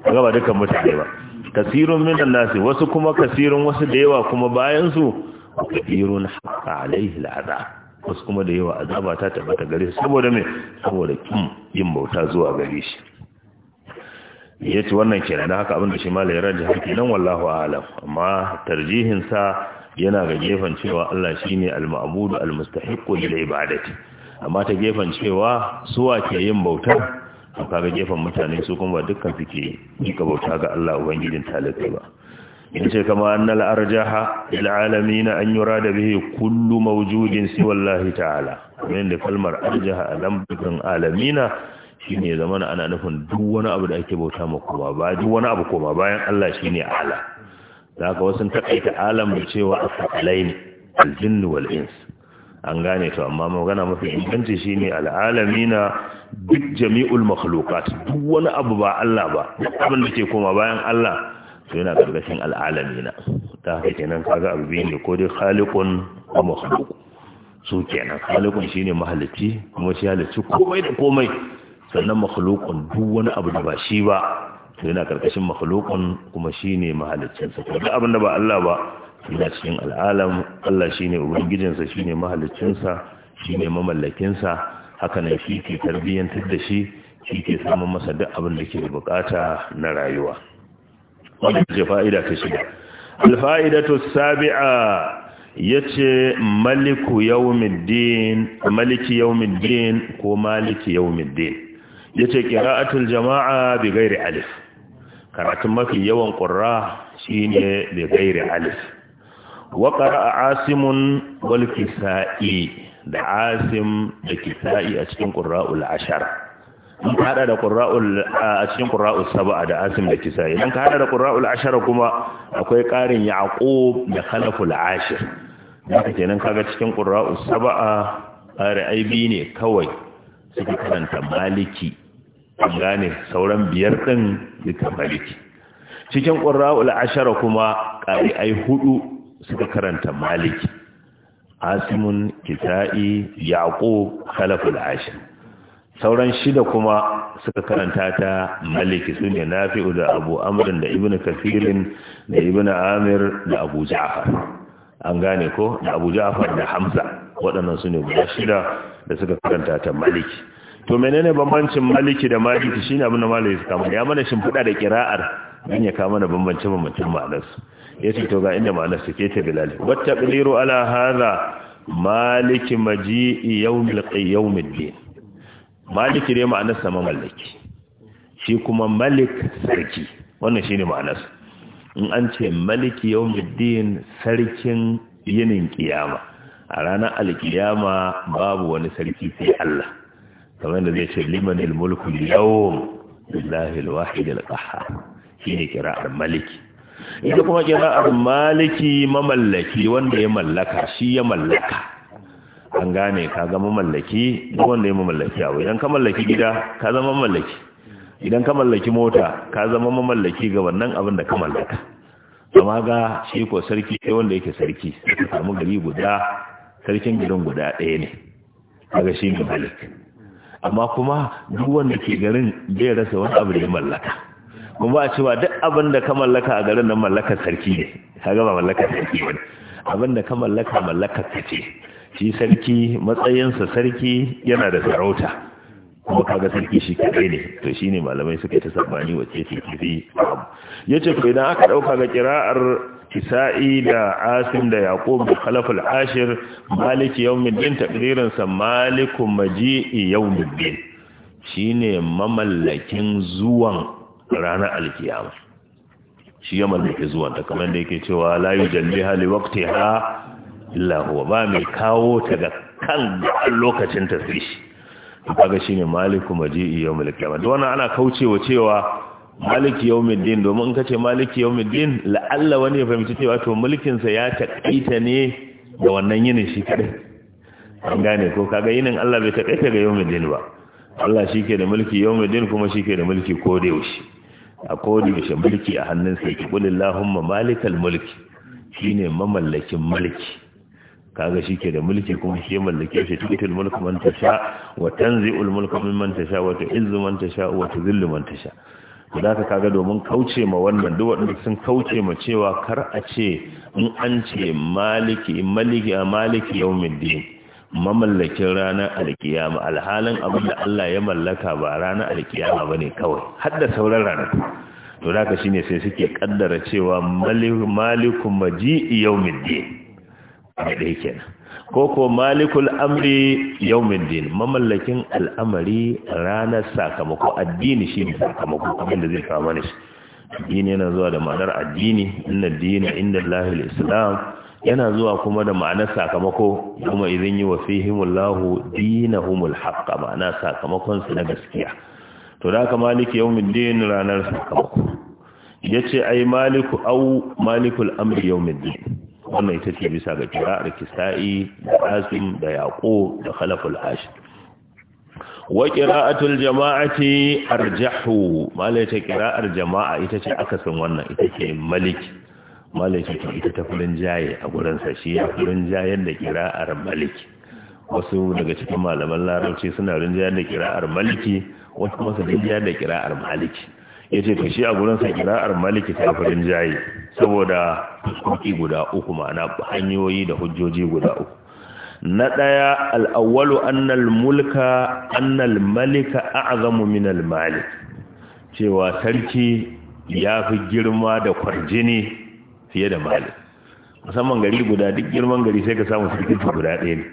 gaba duka mutane ba kasirun الناس وسكما wasu kuma kasirun wasu da yawa kuma bayan kasirun wasu kuma da yawa azaba ta tabbata gare saboda yin bauta zuwa gare shi yace wannan kenan haka abin da shi malai raji hakinan wallahu ala, amma tarjihin sa yana ga gefen cewa Allah shi ne al-ma'budu al mustahiqu lil ibadati amma ta gefen cewa suwa ke yin bauta to kaga gefen mutane su kuma dukkan suke suka bauta ga Allah ubangijin talakai ba in ce kama annal arjaha lil alamin an yurada bihi kullu mawjudin siwa Allah ta'ala kamar da kalmar arjaha a lambin alamina shine zamana ana nufin duk wani abu da ake bauta ma kuma ba duk wani abu kuma bayan Allah shine Ala. da haka wasu takaita alam da cewa asalaini aljinn wal ins an gane to amma magana mafi inganci shine al'alamina duk jami'ul makhluqat duk wani abu ba Allah ba abin da ke koma bayan Allah to yana gargashin al'alamina da haka kenan kaga abu biyu ne ko dai khaliqun wa makhluq su kenan khaliqun shine mahalicci kuma shi halicci komai da komai sannan makhluqun duk wani abu da ba shi ba to yana karkashin makhluqun kuma shine mahaliccin sa duk abin da ba Allah ba yana cikin al'alam Allah shine ubangijin sa shine mahaliccin sa shine mamallakin sa haka ne shi ke tarbiyyantar da shi shi ke samun masa duk abin da ke bukata na rayuwa wannan ce fa'ida ta shida al-fa'idatu sabi'a ya ce maliku yaumiddin maliki yaumiddin ko maliki yaumiddin ya ce ƙira'atul jama'a bi alif karatun mafi yawan shi shine da gairi alif wa a asimun wal sa'i da asim da kisa'i a cikin ƙura ul'ashar in ka haɗa da ƙura a cikin ƙura ul'asaba da asim da kisa'i in ka haɗa da ƙura ul'ashar kuma akwai ƙarin yaqub da khalaful ashir haka kenan kaga cikin qurra'ul sab'a qari'ai aibi ne kawai suka karanta maliki an gane sauran biyar ɗin duka maliki cikin ƙura'ul ashara kuma ƙari'ai hudu suka karanta maliki asimun kisa'i yaƙo khalaful ashir sauran shida kuma suka karanta ta maliki su ne nafi'u da abu amrin da ibn kafirin da ibn amir da abu ja'far an gane ko da abu ja'far da hamza waɗannan su ne guda shida da suka karanta ta maliki to menene bambancin maliki da maliki shine abin da malai suka mana ya mana fada da kira'ar dan ya kama da bambancin bambancin ma'anarsu yace to ga inda ma'anar su ke ta bilal wata qiliru ala hadha maliki maji'i yawmil qiyamid maliki dai ma'anar sa mamallaki shi kuma malik sarki wannan shine ma'anar in an ce maliki din sarkin yinin kiyama a ranar alkiyama babu wani sarki sai Allah kamar da zai ce liman ilmulku yawon lillahi alwahid shi shine kira'ar maliki ita kuma kira'ar maliki mamallaki wanda ya mallaka shi ya mallaka an gane ka ga mamallaki duk wanda ya mamallaki abu idan ka mallaki gida ka zama mamallaki idan ka mallaki mota ka zama mamallaki ga wannan abin da ka mallaka amma ga shi ko sarki sai wanda yake sarki ka samu gari guda sarkin gidan guda ɗaya ne kaga shi ne malik amma kuma duk wanda ke garin bai rasa wani abu da ya mallaka kuma a cewa duk abin da ka mallaka a garin nan mallakar sarki ne ka gaba mallakar sarki wani abin da ka mallaka mallaka ka ce shi sarki matsayinsa sarki yana da sarauta kuma kaga sarki shi kaɗai ne to shi ne malamai suka ta sabani wace ce kifi ya ce ko idan aka ɗauka ga kira'ar kisa'i da asim da yaqub da khalaf al-ashir maliki yawmiddin taqdirin sa maliku maji'i yawmiddin shine mamallakin zuwan ranar alkiyama shi ya mallaki zuwan ta kamar da yake cewa la yujalliha li waqtiha illa huwa ba mai kawo ta ga kan lokacin ta sai shi kaga shine maliku maji'i yawmil qiyamah wannan ana kaucewa cewa maliki yawmiddin domin in kace maliki yawmiddin la'alla wani ya fahimci cewa to mulkin sa ya takaita ne da wannan yinin shi kadai an gane ko kaga yinin Allah bai takaita ga yawmiddin ba Allah shi ke da mulki yawmiddin kuma shi ke da mulki ko da yaushe a ko da yaushe mulki a hannun sa yake qul allahumma malikal mulki shine mamallakin mulki kaga shi ke da mulki kuma shi mallake shi tutul mulku man tasha wa tanzi'ul mulku mimman tasha wa tu'izzu man tasha wa tudhillu man tasha da ka kaga domin kauce ma wannan duk wanda sun kauce ma cewa kar a ce in an ce maliki maliki a maliki yawmiddin mamallakin ranar alkiyama alhalin abin da Allah ya mallaka ba ranar alkiyama ne kawai har da sauran ranar to da ka shine sai suke kaddara cewa malikum maji'i yawmiddin a yake kenan ko malikul amri yawmin din mamallakin al'amari ranar sakamako addini shi ne sakamako abin da zai fama ne addini yana zuwa da ma'anar addini inna dina inda lahil islam yana zuwa kuma da ma'anar sakamako kuma idan yi wa fihimullahu dinahumul haqqa ma'ana sakamakon su na gaskiya to da ka maliki yawmin din ranar sakamako yace ai maliku au malikul amri yawmin din wannan ita ce bisa ga kira'ar kisa'i da azim da yaƙo da khalaful hashim wa qira'atul jama'ati arjahu malai ta qira'ar jama'a ita ce akasin wannan ita ce maliki malai ta ita ta furin jaye a gurin sa shi ya furin jayen da qira'ar maliki. wasu daga cikin malaman larabci suna rinjayar da qira'ar maliki wasu kuma su rinjayar da qira'ar maliki yace to shi a gurin sa qira'ar maliki ta fulin jaye saboda fuskoki guda uku ma'ana hanyoyi da hujjoji guda uku na ɗaya al'awwalu annal mulka annal malika a'zamu al malik cewa sarki ya fi girma da kwarjini fiye da malik musamman gari guda duk girman gari sai ka samu sarki guda ɗaya ne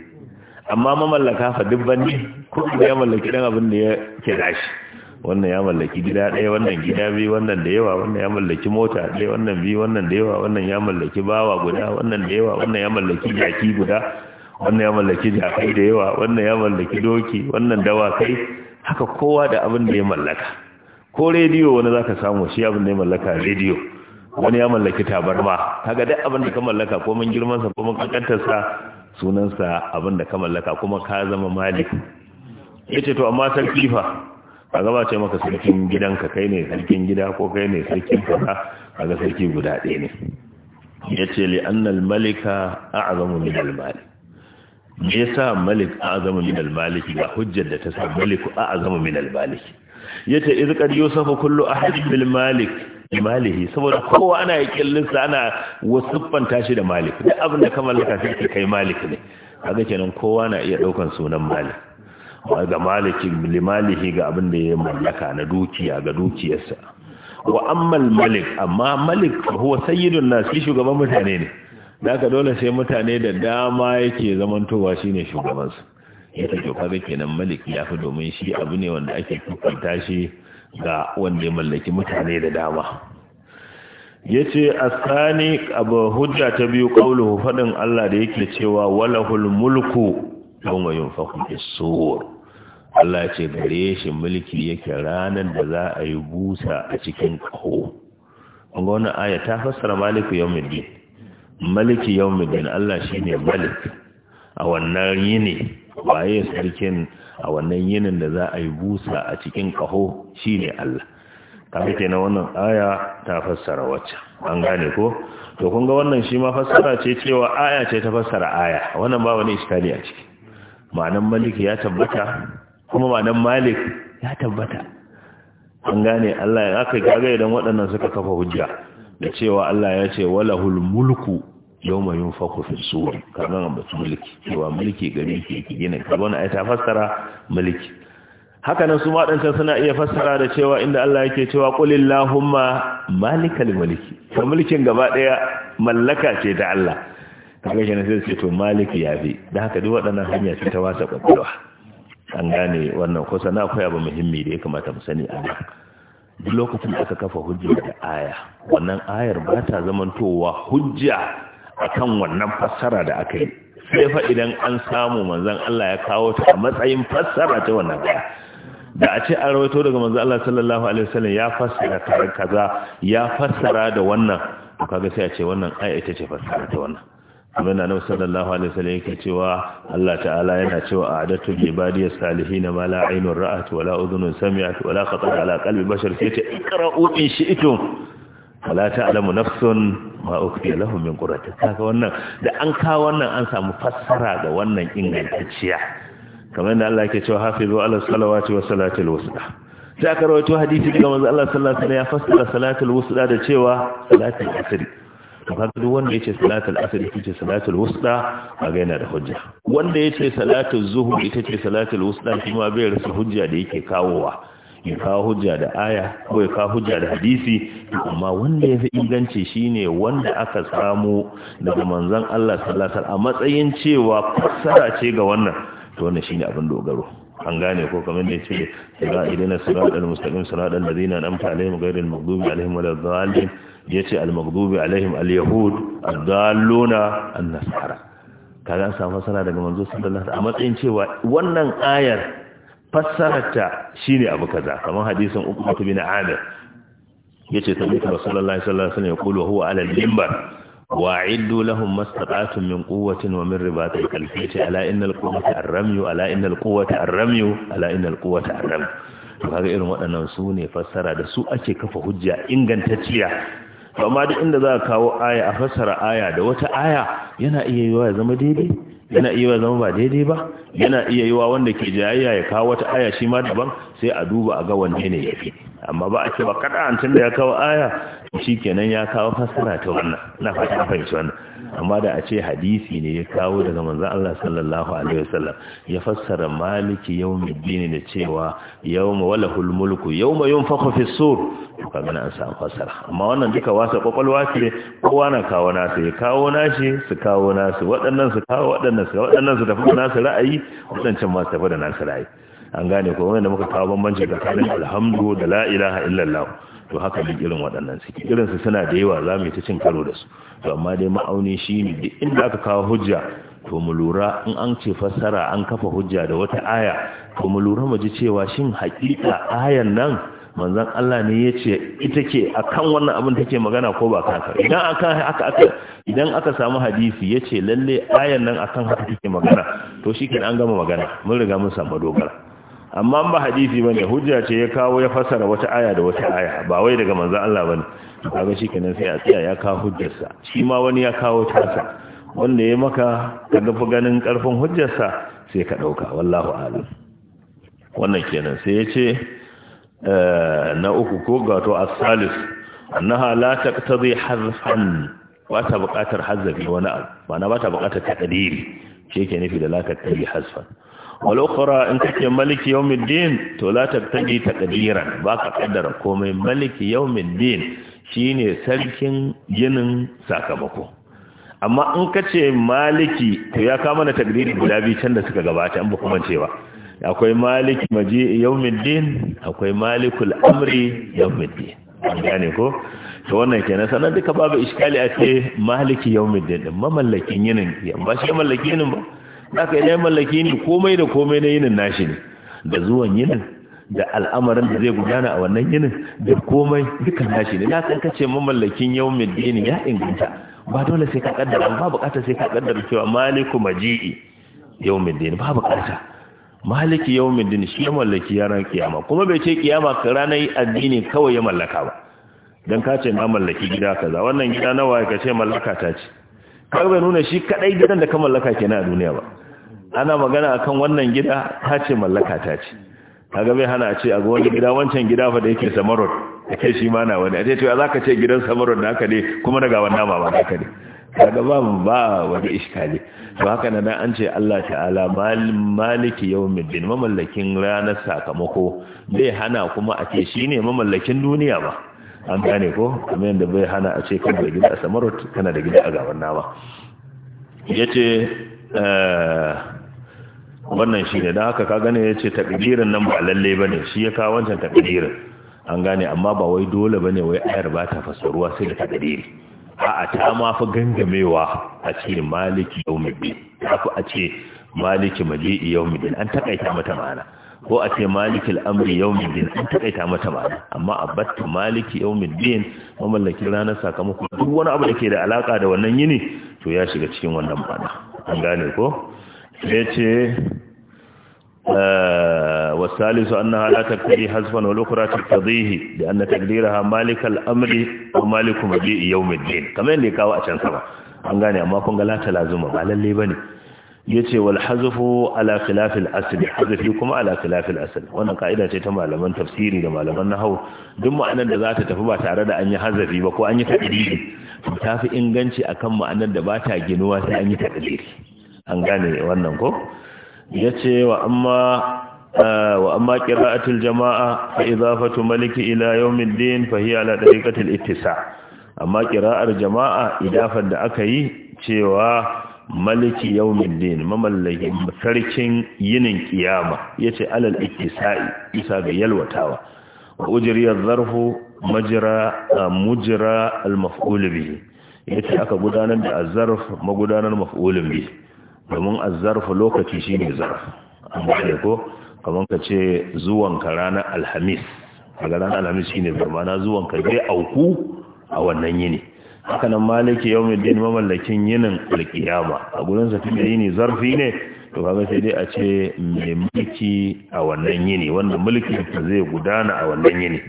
amma mamallaka fa dubban ne ko da ya mallaki dan abin da ya ke shi wannan ya mallaki gida ɗaya wannan gida biyu wannan da yawa wannan ya mallaki mota ɗaya wannan biyu wannan da yawa wannan ya mallaki bawa guda wannan da yawa wannan ya mallaki jaki guda wannan ya mallaki jakai da yawa wannan ya mallaki doki wannan dawakai haka kowa da abin da ya mallaka ko rediyo wani zaka samu shi abin da ya mallaka rediyo wani ya mallaki tabarma kaga duk abin da ka mallaka ko mun girman sa ko mun kankantar sa sunan sa abin da ka mallaka kuma ka zama malik yace to amma sarki fa kaga ba ce maka sarkin gidanka kai ne sarkin gida ko kai ne sarkin a ga sarki guda ɗaya ne Ya ce li annal malika a'zamu ne dalmali malik me malik malik a'zamu ne dalmali malik ga hujjar da ta sa maliku a'zamu min al malik yace iz qad yusafu kullu ahad bil malik malihi saboda kowa ana yi kyallinsa ana wasuffanta shi da malik duk abin da ka mallaka sai kai malik ne ga kenan kowa na iya ɗaukan sunan malik ga maliki limalihi ga abin da ya mallaka na dukiya ga dukiyarsa wa ammal malik amma malik huwa sayyidun nas shi shugaban mutane ne daga dole sai mutane da dama yake zamantowa shine shugaban su yake to kaga kenan malik ya fi domin shi abu ne wanda ake kukunta shi ga wanda ya mallaki mutane da dama yace asani abu hujja ta biyu kauluhu fadin Allah da yake cewa walahul mulku yawma yunfakhu bis Allah ce gare shi mulki yake ranar da za a yi busa a cikin ƙaho an ga wani aya ta fassara maliku yawmiddin maliki yawmiddin Allah shi ne malik a wannan yini waye sarkin a wannan yinin da za a yi busa a cikin ƙaho ne Allah kafi kenan wannan aya ta fassara wacce an gane ko to kun ga wannan shi ma fassara ce cewa aya ce ta fassara aya wannan ba wani iskali a ciki ma'anan maliki ya tabbata kuma madan malik ya tabbata an gane Allah ya aka gaga idan waɗannan suka kafa hujja da cewa Allah ya ce walahul mulku yawma yunfaku fi suri kaman an mulki cewa mulki gari ke gina kaga wannan ayata fassara mulki haka nan su ma dan suna iya fassara da cewa inda Allah yake cewa qulillahumma malikal mulki to mulkin gaba daya mallaka ce ta Allah kaga shi ne sai ce to maliki yafi dan haka duk waɗannan hanya ce ta wasa kwakwalwa an gane wannan kusa na akwai abu muhimmi da ya kamata mu sani a nan duk lokacin da aka kafa hujja da aya wannan ayar ba ta zamantowa hujja a kan wannan fassara da aka yi sai fa idan an samu manzan Allah ya kawo ta a matsayin fassara ta wannan aya da a ce a rawaito daga manzan Allah sallallahu alaihi wasallam ya fassara kaza ya fassara da wannan to kaga sai a ce wannan aya ita ce fassara ta wannan abin da sallallahu alaihi wasallam yake cewa Allah ta'ala yana cewa a'datu li ibadiy salihin ma la aynun ra'at wa uzunin udhunun sami'at wa la khatara ala qalbi bashar ke ta ubin shi ito wa la ta'lamu nafsun ma ya lahum min qurrati kaga wannan da an kawo wannan an samu fassara ga wannan ingantacciya kamar da Allah ke cewa hafizu ala salawati wa salatul wusta Ta aka hadisi daga manzo Allah sallallahu alaihi wasallam ya fassara salatul wusta da cewa salatul asr to kaga duk wanda yace salatul asr ita ce salatul wusta kaga yana da hujja wanda yace salatul zuhur ita ce salatul wusta kuma bai rasa hujja da yake kawowa ya kawo hujja da aya ko ya kawo hujja da hadisi amma wanda ya fi inganci shine wanda aka samu daga manzon Allah sallallahu alaihi wasallam a matsayin cewa fassara ce ga wannan to wannan shine abin dogaro an gane ko kamar da yace sura idana siratal mustaqim siratal ladina an'amta alaihim ghayril maghdubi alaihim waladdallin yace al maghdubi alaihim al yahud ad-dalluna an-nasara kaga an samu sana daga manzo sallallahu alaihi wasallam a matsayin cewa wannan ayar fassararta shine abu kaza kamar hadisin Uqbah bin Amir yace tabbata rasulullahi sallallahu alaihi wasallam ya kulu huwa ala al-minbar wa'iddu lahum mastata'tum min quwwatin wa min ribatil kalfi ala innal quwwata ar-ramyu ala innal quwwata ar-ramyu ala innal quwwata ar-ramyu to kaga irin waɗannan su ne fassara da su ake kafa hujja ingantacciya to amma duk inda za ka kawo aya a fassara aya da wata aya yana iya yiwa ya zama daidai yana iya yiwa zama ba daidai ba yana iya yiwa wanda ke jayayya ya kawo wata aya shi ma daban sai a duba a ga wanne ne ya yafi amma ba a ce ba kada'an tun da ya kawo aya shi kenan ya kawo fasara ta wannan na fata fahimci wannan amma da a ce hadisi ne ya kawo daga manzan Allah sallallahu alaihi wasallam ya fassara maliki yawmiddin da cewa yawma yau mulku yawma yunfakhu fi sur gana an samu fassara amma wannan duka wasa kwakwalwa ce kowa na kawo nasu ya kawo nashi su kawo nasu waɗannan su kawo waɗannan su waɗannan su tafi da nasu ra'ayi waɗancan ma su tafi da nasu ra'ayi an gane ko wanda muka kawo bambanci tsakanin alhamdu da la ilaha illallah to haka ne irin waɗannan suke irin su suna da yawa za mu ta cin karo da su to amma dai ma'auni shi ne duk inda aka kawo hujja to mu lura in an ce fassara an kafa hujja da wata aya to mu lura mu ji cewa shin haƙiƙa ayan nan manzon Allah ne ya ce ita ke akan wannan abin take magana ko ba kaka idan aka aka aka idan aka samu hadisi ya ce lalle ayan nan akan haka take magana to shi an gama magana mun riga mun samu dogara amma ba hadisi bane hujja ce ya kawo ya fassara wata aya da wata aya ba wai daga manzan Allah bane kaga kenan sai a tsaya ya kawo hujjarsa shi ma wani ya kawo tasa wanda ya maka ka dafa ganin karfin hujjarsa sai ka dauka wallahu alam wannan kenan sai ya ce eh, na uku ko gato as-salis annaha la taqtadi hazfan ba ta buƙatar hazzabi wani abu ba ba ta buƙatar takdiri shi yake nufi da la taqtadi hazfan walokura in kake maliki yau din to la ta kadiran ba ka kaddara komai maliki middin din ne sarkin ginin sakamako amma in kace maliki to ya kama na taqdiri guda biyu can da suka gabata an bukuman cewa akwai maliki maji yau din akwai malikul amri yau din an gane ko to wannan kenan sanan duka babu iskali a ce maliki yawmin din mamallakin yinin ba shi mallakin yinin ba haka idan mallaki ni komai da komai na yinin nashi ne da zuwan yinin da al'amarin da zai gudana a wannan yinin da komai duka nashi ne na san kace mamallakin yawmin dini ya inganta ba dole sai ka kaddara ba bukata sai ka kaddara cewa maliku maji'i yawmin dini ba bukata maliki yawmin dini shi ya mallaki yaran kiyama kuma bai ce kiyama ranar addini kawai ya mallaka ba dan ka ce na mallaki gida kaza wannan gida nawa ka ce mallaka ta ce kar bai nuna shi kadai gidan da ka mallaka kenan a duniya ba ana magana akan wannan gida ta ce mallaka ta ce kaga bai hana ce a ga wani gida wancan gida fa da yake samarot da kai shi ma na wani a ce to za ka ce gidan samarot da haka ne kuma daga wannan ba ba haka ne kaga ba ba wani iskali to haka nan an ce Allah ta'ala maliki yawmiddin mamallakin ranar sakamako bai hana kuma a ce ne mamallakin duniya ba an gane ko kuma yanda bai hana a ce kana da gida a samarot kana da gida a gaban nama yace eh, wannan shi ne don haka ka gane ya ce takdirin nan ba lalle ba ne shi ya kawo wancan takdirin an gane amma ba wai dole ba ne wai ayar ba ta ruwa sai da a a'a ta ma fi gangamewa a ce maliki yau mai ta fi a ce maliki maji'i yau mai an taƙaita mata ma'ana ko a ce maliki al'amri yau mai an taƙaita mata ma'ana amma a batta maliki yau mai din mamallakin ranar sakamakon duk wani abu da ke da alaƙa da wannan yini to ya shiga cikin wannan ma'ana an gane ko yace eh wasalisu annaha la takdi hasban wal ukhra taqdihi bi anna takdiraha malik al amri wa malik mabi yawm al din kamar ya kawo a can sama an gane amma kun ga lata lazuma ba lalle bane yace wal hazfu ala khilaf al asl hazfi kuma alafilafil khilaf wannan kaida ce ta malaman tafsiri da malaman hau duk ma'anar da za ta tafi ba tare da an yi hazafi ba ko an yi takdiri ta fi inganci akan ma'anar da ba ta ginuwa sai an yi takdiri an gane wannan ko ya ce wa amma eh, wa jama'a fa idafatu maliki ila din fa hiya ala tariqatil ittisa amma ƙira'ar jama'a idafan da aka yi cewa maliki din mamallaki sarkin yinin kiyama yace alal ittisa'i isa ga yalwatawa wa ujriya zarfu majra eh, mujra al maf'ul bihi yace aka gudanar da zarf magudanar maf'ulun bihi domin azarfa lokaci shine zarf amma da ko kamar ka ce zuwanka ranar alhamis daga ranar alhamis shine zamana zuwanka zai auku a wannan yini haka nan maliki yau mai din mamallakin yinin alkiyama a gudun sa tunda yini zarfi ne to kaga sai dai a ce mai mulki a wannan yini wanda mulkin zai gudana a wannan yini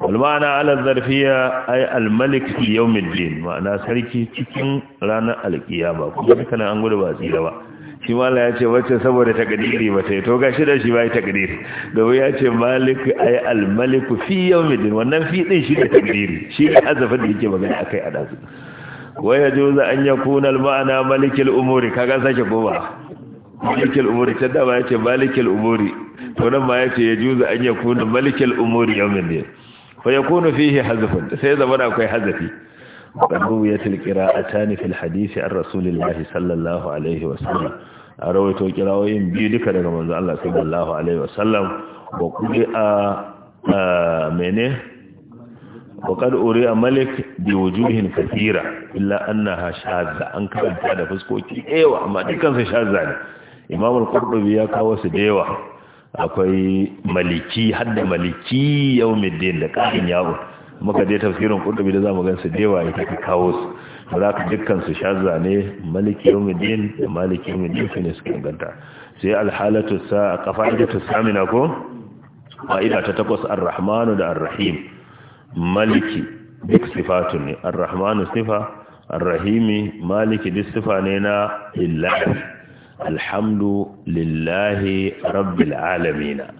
والمعنى على الظرفية أي الملك في يوم الدين معنى سركي تكين رانا القيامة كما كان أنقول بأسيلة بقى shi mala ya ce wacce saboda takadiri ba sai to gashi da shi bai takadiri domin ya ce malik ay al malik fi din wannan fi din shi da takadiri shi ne azafa da yake magana akai a dazu waya juza an yakuna al ma'ana malikil umuri kaga sake goma malikil umuri ta da ba ya ce malikil umuri to nan ma ya ce ya juza an kuna malikil umuri din fa yakunu fihi hazfun sai zama akwai hazafi ruwiyatul qira'atani fil hadisi an rasulillahi sallallahu alaihi wasallam a rawaito kirawoyin biyu duka daga manzo Allah sallallahu alaihi wasallam wa qira'a mene wa qad uriya malik bi wujuhin kathira illa annaha shadza an karanta da fuskoki ewa amma dukkan su shadza ne ya kawo su da yawa akwai maliki hadda maliki din da ƙarin yawo muka je tafsirin ƙudubi da zamu gansu dewa ya ka kawo su za ka dukkan su sha zane. maliki din da maliki din su ne suka inganta sai alhalatu sa'a qafa'idatu samina ko qa'ida ta takwas arrahmanu da arrahim maliki duk sifatu ne arrahmanu sifa arrahimi maliki duk sifa ne na illahi alhamdu lillahi rabbil alamina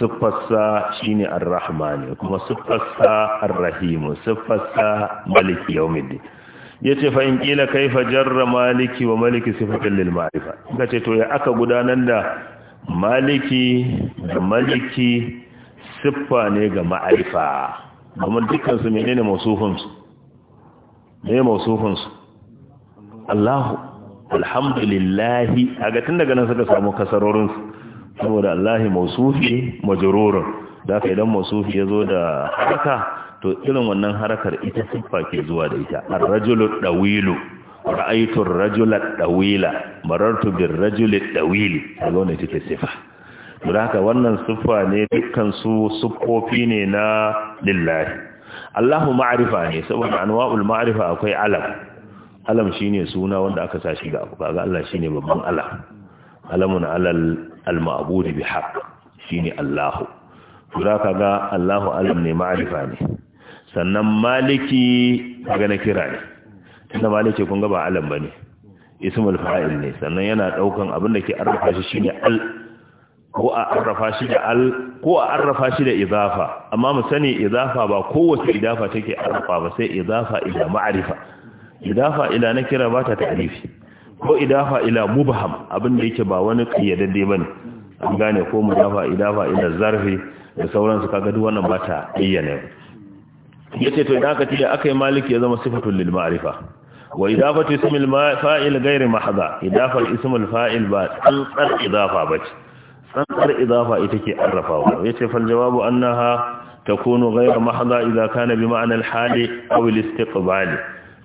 siffarsa shine ar-rahmani kuma siffarsa ar-rahim siffarsa maliki yace fa in kila kaifa jarra maliki wa maliki sifatan lil ma'rifa kace to ya aka gudanar da maliki da maliki siffa ne ga ma'rifa amma dukkan su menene mausufin su ne mausufin su Allahu alhamdulillahi a tun daga nan suka samu kasarorinsu saboda allahi mausufi majururin da ka idan mausufi ya zo da haraka to irin wannan harakar ita siffa ke zuwa da ita arrajulu dawilu ra'aytu ar-rajula dawila marartu bir-rajuli dawili kaga wannan take siffa don haka wannan siffa ne dukkan su siffofi ne na lillahi Allahu ma'arifa ne saboda anwa'ul ma'arifa akwai alam alam shine suna wanda aka sa shi ga abu kaga Allah shine babban Allah alamun alal al mabudi bi haqq shine Allahu. to da ga Allahu alam ne ma'rifa ne sannan maliki kaga na kira ne tunda maliki kun ga ba alam bane ismul fa'il ne sannan yana daukan abin da ke arrafa shi shine al ko a arrafa shi da al ko a arrafa shi da idafa amma mu sani idafa ba kowace idafa take arrafa ba sai idafa ila ma'rifa idafa ila na kira ba ta ta'arifi ko idafa ila mubham abinda yake ba wani kayyadadde ba ne an gane ko mudafa idafa ila zarfi da sauransu kaga duk wannan ba ta ayyana yace to idan ka ce da aka maliki ya zama sifatul lil ma'rifa wa idafatu ismil fa'il ghairi mahdha idafar ismul fa'il ba tsantsar idafa bace tsantsar idafa ita ke arrafawa yace fal jawabu annaha takunu ghairi mahdha idza kana bi ma'na al hali aw al istiqbali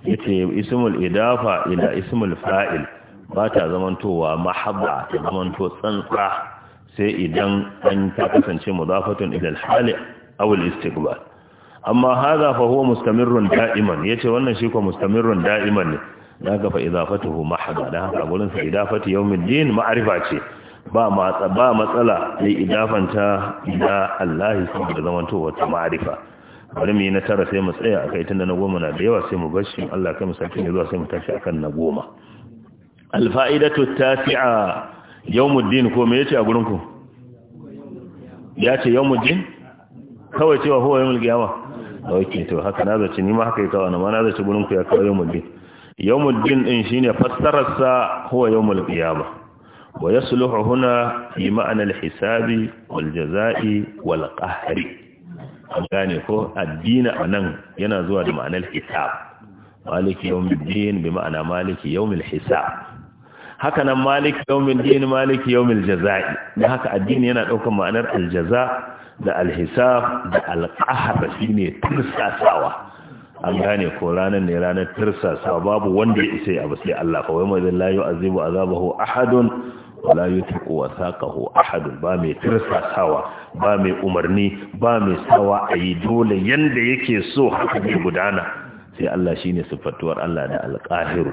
yace ismul idafa ila ismul fa'il ba ta zamantowa mahabba ta zamanto tsantsa sai idan an ta kasance mudafatun ila al-hali istiqbal amma hadha fa huwa mustamirrun da'iman yace wannan shi ko mustamirrun da'iman ne daga fa idafatuhu mahabba da haka gurin sa idafati din ma'rifa ce ba ba matsala sai idafanta ila Allah saboda zamantowa ta ma'rifa bari mu yi na tara sai mu tsaya a kai tunda na goma na da yawa sai mu bashi Allah kai mu sarki ne zuwa sai mu tashi akan na goma alfa'idatu tasi'a yawmuddin ko me yace a gurin ku ya ce yawmuddin kawai cewa huwa yawmul qiyama okay to haka na zaci ni ma haka yake wannan ma na zaci gurin ku ya kawai yawmuddin yawmuddin din shine fassarar sa huwa yawmul qiyama wa yasluhu huna fi ma'na al-hisabi wal jaza'i wal qahri an gane ko addini a nan yana zuwa da ma'anar hisab maliki yawmin din bi ma'ana maliki yawmin hisab haka nan maliki yawmin din maliki yawmin jaza'i da haka addini yana ɗaukar ma'anar aljaza da alhisab da shi ne tursasawa an gane ko ranar ne ranar tursasawa babu wanda ya isa ya abu sai Allah fa wai ma zai la yu'azibu azabahu ahadun wala yutiqu wasaqahu ahad ba mai tirsasawa ba mai umarni ba mai sawa ayi dole yanda yake so haka zai gudana sai Allah shine sifatuwar Allah da alqahiru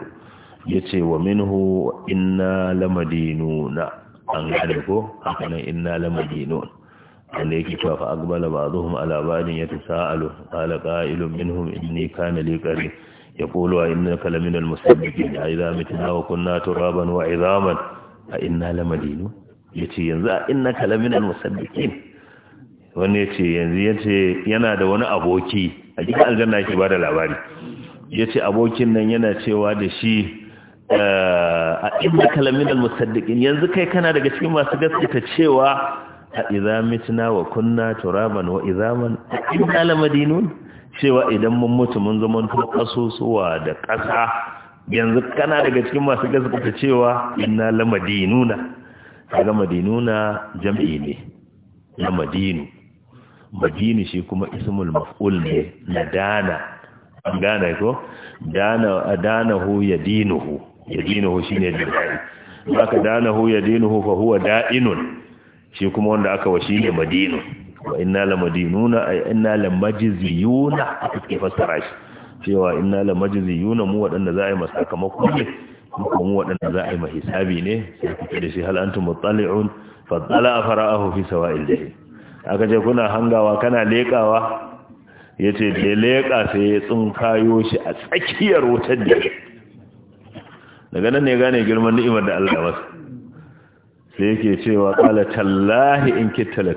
yace wa minhu inna lamadinuna an gane ko haka nan inna lamadinun wanda yake cewa fa aqbala ba'dhum ala ba'din yatasaalu qala qa'ilun minhum inni kana li qarin yaqulu innaka laminal musabbiqin idza mitna wa kunna turaban a inna madinu, ya ce yanzu a inna al musaddiqin wani ya ce yanzu ya ce yana da wani aboki a cikin aljanna yake ba da labari ya ce abokin nan yana cewa da shi eh, a inna al musaddiqin yanzu kai kana daga cikin masu gaskata cewa a idza mitna wa kunna turaban wa man inna la madinu cewa idan mun mutu mun zama kasusuwa da ƙasa yanzu kana daga cikin masu gaskata cewa inna la madinuna kaga madinuna jam'i ne 'La madinu madini shi kuma ismul maf'ul ne na dana an gane ko dana adanahu yadinuhu yadinuhu shine dinai aka danahu yadinuhu fa huwa da'inun shi kuma wanda aka washi ne madinu wa inna la madinuna ay inna la majziyuna aka fasara shi cewa inna la majziyuna mu wadanda za a yi masakamako ne kuma mu wadanda za a yi mahisabi ne sai kike da shi hal antum muttali'un fa dala fara'ahu fi sawa'il jahim aka ce kuna hangawa kana lekawa yace da leka sai ya yo shi a tsakiyar wutar da daga nan ne gane girman ni'imar da Allah masa sai yake cewa qala tallahi in kitta la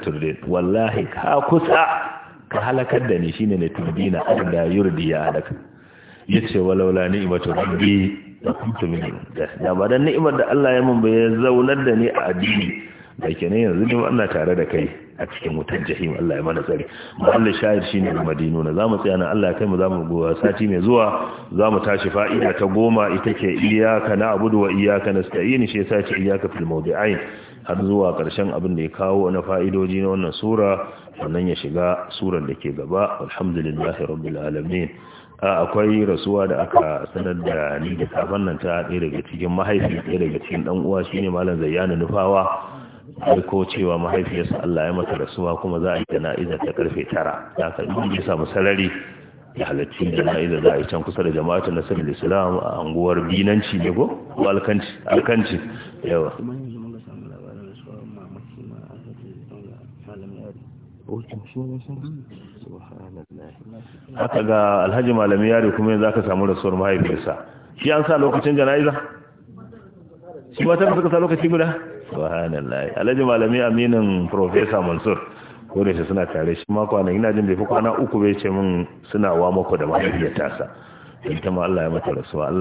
wallahi ka kusa ka halakar da ni shine ne na da yurdi ya halaka yace walaula ni'matu rabbi da kuntu min da ba dan ni'imar da Allah ya mun ba zaunar da ni a addini da kenan yanzu ne wannan tare da kai a cikin wutan jahim Allah ya mana tsari mahalli shahid shine da madinuna zamu tsaya na Allah ya kai mu zamu goya sati mai zuwa zamu tashi fa'ida ta goma ita ce iyyaka na'budu wa iyyaka nasta'in shi yasa ce iyyaka fil mawdi'ain har zuwa ƙarshen abin da ya kawo na fa'idoji na wannan sura wannan ya shiga surar da ke gaba alhamdulillahi rabbil alamin akwai rasuwa da aka sanar da ni da safan nan ta ɗaya daga cikin mahaifi ɗaya daga cikin ɗan uwa shine malam zayyana nufawa ko cewa mahaifiyarsa Allah ya mata rasuwa kuma za a yi jana'iza ta karfe tara ya aka yi samu sarari da halarci jana'iza za a yi can kusa da jama'atu nasarar islam a anguwar binanci ne ko alkanci alkanci yawa haka ga alhaji malami yari kuma yanzu aka samu rasuwar mahaifinsa shi an sa lokacin jana'iza shi mata ba suka sa lokaci guda subhanallah alhaji malami aminin professor mansur kore shi suna tare shi ma kwana ina jin bai fi kwana uku bai ce min suna wa mako da mahaifiyar tasa ita ma Allah ya mata rasuwa Allah